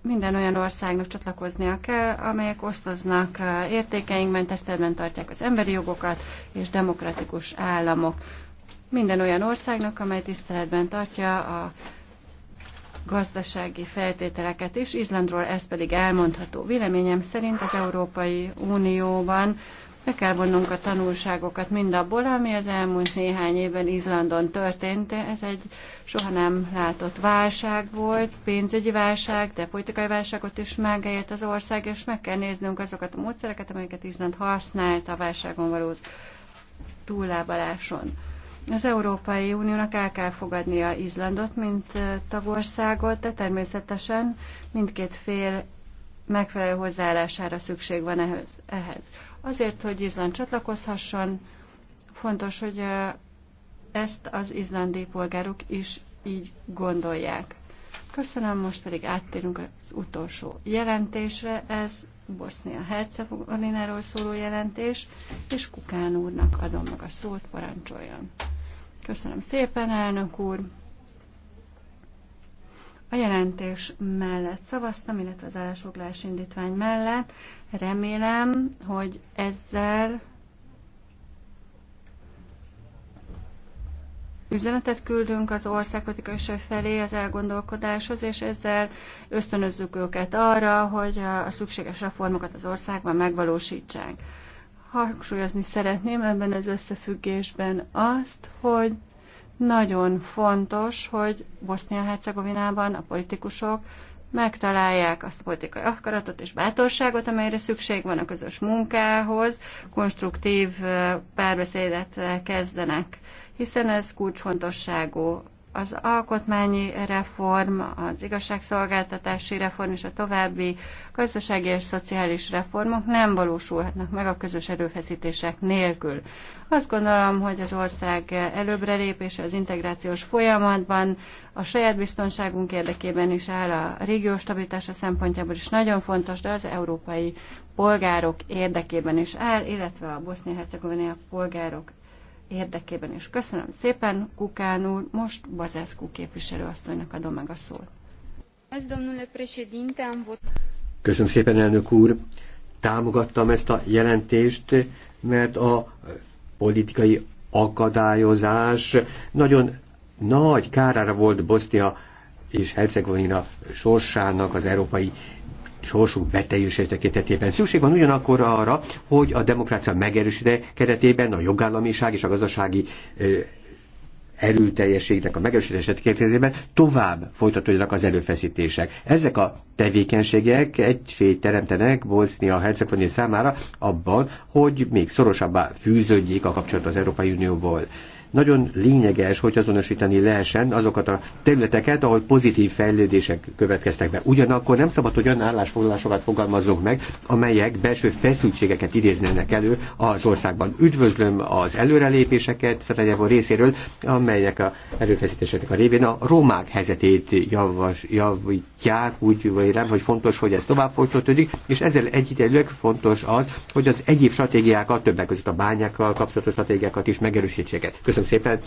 Minden olyan országnak csatlakoznia kell, amelyek osztoznak eh, értékeinkben, testedben tartják az emberi jogokat, és demokratikus államok. Minden olyan országnak, amely tiszteletben tartja a gazdasági feltételeket is. Izlandról ez pedig elmondható. Véleményem szerint az Európai Unióban be kell vonnunk a tanulságokat abból, ami az elmúlt néhány évben Izlandon történt. Ez egy soha nem látott válság volt, pénzügyi válság, de politikai válságot is megélt az ország, és meg kell néznünk azokat a módszereket, amelyeket Izland használt a válságon való túllábaláson. Az Európai Uniónak el kell fogadnia Izlandot, mint tagországot, de természetesen mindkét fél megfelelő hozzáállására szükség van ehhez. ehhez. Azért, hogy Izland csatlakozhasson, fontos, hogy ezt az izlandi polgárok is így gondolják. Köszönöm, most pedig áttérünk az utolsó jelentésre. Ez Bosznia-Hercegovináról szóló jelentés, és Kukán úrnak adom meg a szót, parancsoljon. Köszönöm szépen, elnök úr! a jelentés mellett szavaztam, illetve az állásfoglalás indítvány mellett. Remélem, hogy ezzel üzenetet küldünk az országpolitikusai felé az elgondolkodáshoz, és ezzel ösztönözzük őket arra, hogy a szükséges reformokat az országban megvalósítsák. Hangsúlyozni szeretném ebben az összefüggésben azt, hogy nagyon fontos, hogy Bosznia-Hercegovinában a politikusok megtalálják azt a politikai akaratot és bátorságot, amelyre szükség van a közös munkához, konstruktív eh, párbeszédet eh, kezdenek, hiszen ez kulcsfontosságú az alkotmányi reform, az igazságszolgáltatási reform és a további gazdasági és szociális reformok nem valósulhatnak meg a közös erőfeszítések nélkül. Azt gondolom, hogy az ország előbbre lépése az integrációs folyamatban a saját biztonságunk érdekében is áll, a régió stabilitása szempontjából is nagyon fontos, de az európai polgárok érdekében is áll, illetve a bosznia-hercegovina polgárok érdekében is. Köszönöm szépen, Kukán úr, most Bazeszkú képviselőasszonynak adom meg a szót. Köszönöm szépen, elnök úr. Támogattam ezt a jelentést, mert a politikai akadályozás nagyon nagy kárára volt Bosznia és Hercegovina sorsának az európai sorsú beteljesítés tekintetében. Szükség van ugyanakkor arra, hogy a demokrácia megerősítése keretében a jogállamiság és a gazdasági erőteljességnek a megerősítése tekintetében tovább folytatódjanak az erőfeszítések. Ezek a tevékenységek egyfélt teremtenek Bosznia hercegovina számára abban, hogy még szorosabbá fűződjék a kapcsolat az Európai Unióval. Nagyon lényeges, hogy azonosítani lehessen azokat a területeket, ahol pozitív fejlődések következtek be. Ugyanakkor nem szabad, hogy olyan állásfoglalásokat fogalmazzunk meg, amelyek belső feszültségeket idéznének elő az országban. Üdvözlöm az előrelépéseket Szarajevó részéről, amelyek a erőfeszítéseknek a révén a romák helyzetét javas, javítják, úgy vagy nem, hogy fontos, hogy ez tovább folytatódik, és ezzel egyidejűleg fontos az, hogy az egyéb stratégiákat, többek között a bányákkal kapcsolatos stratégiákat is megerősítsék. Köszönöm. Köszönöm szépen.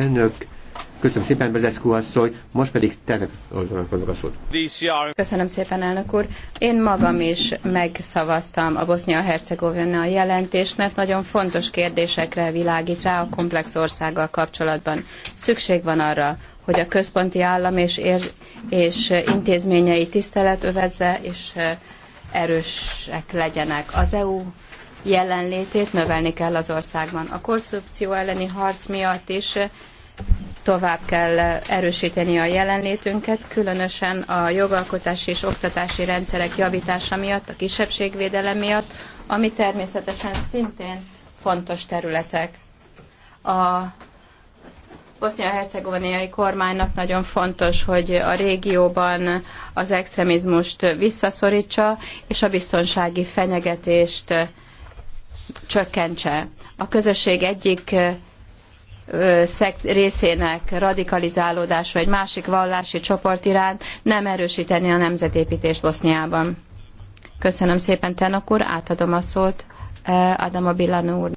Elnök, köszönöm szépen, Bezeszkó asszony, most pedig te oldalon a szót. Köszönöm szépen, elnök úr. Én magam is megszavaztam a Bosznia-Hercegovina jelentést, mert nagyon fontos kérdésekre világít rá a komplex országgal kapcsolatban. Szükség van arra, hogy a központi állam és, ér- és intézményei tisztelet övezze, és eh, erősek legyenek. Az EU jelenlétét növelni kell az országban. A korrupció elleni harc miatt is tovább kell erősíteni a jelenlétünket, különösen a jogalkotási és oktatási rendszerek javítása miatt, a kisebbségvédelem miatt, ami természetesen szintén fontos területek. A bosznia-hercegoviniai kormánynak nagyon fontos, hogy a régióban az extremizmust visszaszorítsa, és a biztonsági fenyegetést csökkentse. A közösség egyik részének radikalizálódása egy másik vallási csoport iránt nem erősíteni a nemzetépítést Boszniában. Köszönöm szépen, Tenok úr, átadom a szót Adama Billan úr.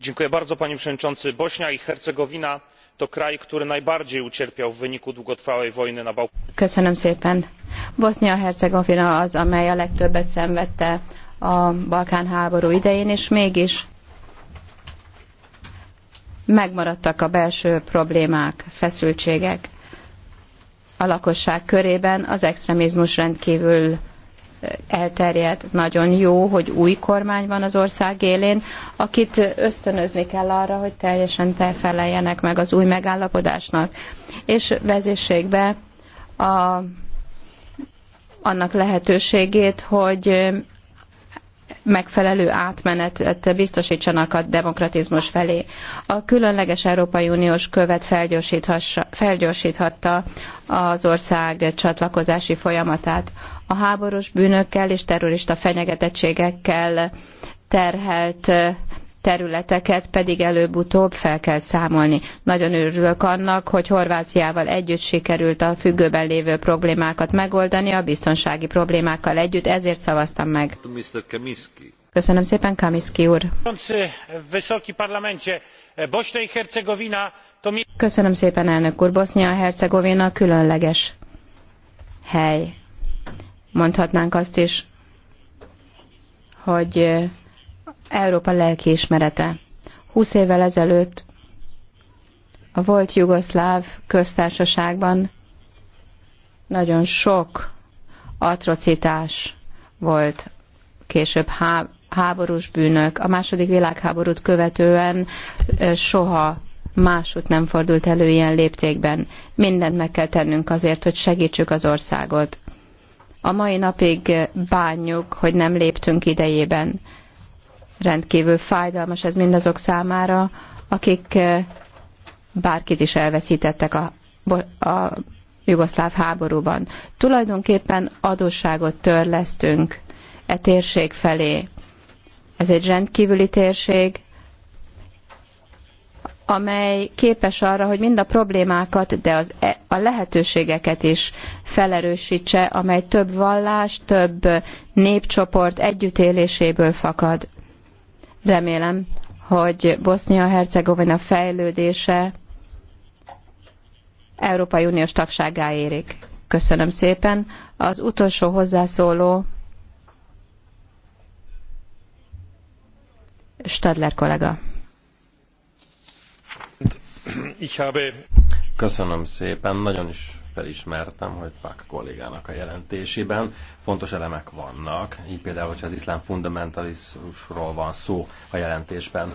Dziękuję bardzo, panie przewodniczący. Bośnia i Hercegowina to kraj, który najbardziej ucierpiał w wyniku długotrwałej wojny na Bałkanach. Köszönöm szépen. bosnia hercegovina az, amely a legtöbbet szenvedte a Balkán háború idején, és mégis megmaradtak a belső problémák, feszültségek a lakosság körében, az extremizmus rendkívül eh, elterjedt. Nagyon jó, hogy új kormány van az ország élén, akit ösztönözni kell arra, hogy teljesen feleljenek meg az új megállapodásnak, és vezességbe a, annak lehetőségét, hogy megfelelő átmenetet biztosítsanak a demokratizmus felé. A különleges Európai Uniós követ felgyorsíthatta az ország csatlakozási folyamatát. A háborús bűnökkel és terrorista fenyegetettségekkel terhelt területeket pedig előbb-utóbb fel kell számolni. Nagyon örülök annak, hogy Horváciával együtt sikerült a függőben lévő problémákat megoldani, a biztonsági problémákkal együtt, ezért szavaztam meg. Köszönöm szépen, Kamiszki úr. Köszönöm szépen, elnök úr. Bosznia-Hercegovina különleges hely. Mondhatnánk azt is, hogy Európa lelkiismerete. Húsz évvel ezelőtt a volt jugoszláv köztársaságban nagyon sok atrocitás volt, később há- háborús bűnök. A második világháborút követően soha másút nem fordult elő ilyen léptékben. Mindent meg kell tennünk azért, hogy segítsük az országot. A mai napig bánjuk, hogy nem léptünk idejében rendkívül fájdalmas ez mindazok számára, akik eh, bárkit is elveszítettek a, a jugoszláv háborúban. Tulajdonképpen adósságot törlesztünk e térség felé. Ez egy rendkívüli térség, amely képes arra, hogy mind a problémákat, de az, e, a lehetőségeket is felerősítse, amely több vallás, több népcsoport együttéléséből fakad. Remélem, hogy Bosznia-Hercegovina fejlődése Európai Uniós tagságá érik. Köszönöm szépen. Az utolsó hozzászóló Stadler kollega. Köszönöm szépen, nagyon is felismertem, hogy Pak kollégának a jelentésében fontos elemek vannak, így például, hogyha az iszlám fundamentalizmusról van szó a jelentésben.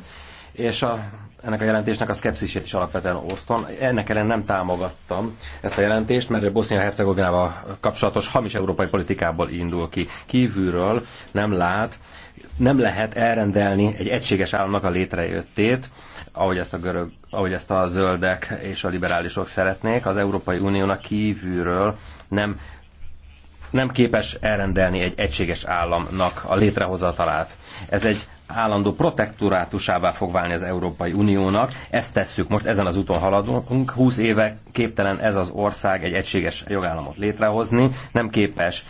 És a, ennek a jelentésnek a szkepszisét is alapvetően osztom. Ennek ellen nem támogattam ezt a jelentést, mert a Bosznia-Hercegovinával kapcsolatos hamis európai politikából indul ki. Kívülről nem lát, nem lehet elrendelni egy egységes államnak a létrejöttét, ahogy ezt a, görög, ahogy ezt a zöldek és a liberálisok szeretnék, az Európai Uniónak kívülről nem, nem képes elrendelni egy egységes államnak a létrehozatalát. Ez egy állandó protektorátusává fog válni az Európai Uniónak. Ezt tesszük, most ezen az úton haladunk. 20 éve képtelen ez az ország egy egységes jogállamot létrehozni, nem képes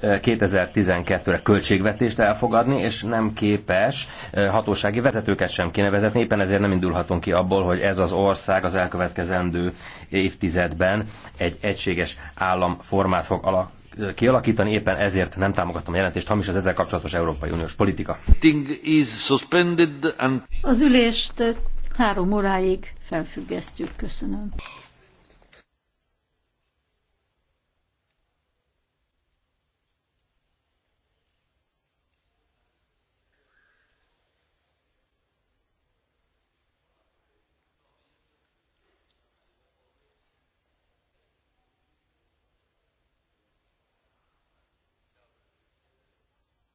2012-re költségvetést elfogadni, és nem képes hatósági vezetőket sem kinevezetni, éppen ezért nem indulhatunk ki abból, hogy ez az ország az elkövetkezendő évtizedben egy egységes államformát fog alakítani kialakítani, éppen ezért nem támogatom a jelentést, hamis az ezzel kapcsolatos Európai Uniós politika. Az ülést három óráig felfüggesztjük. Köszönöm.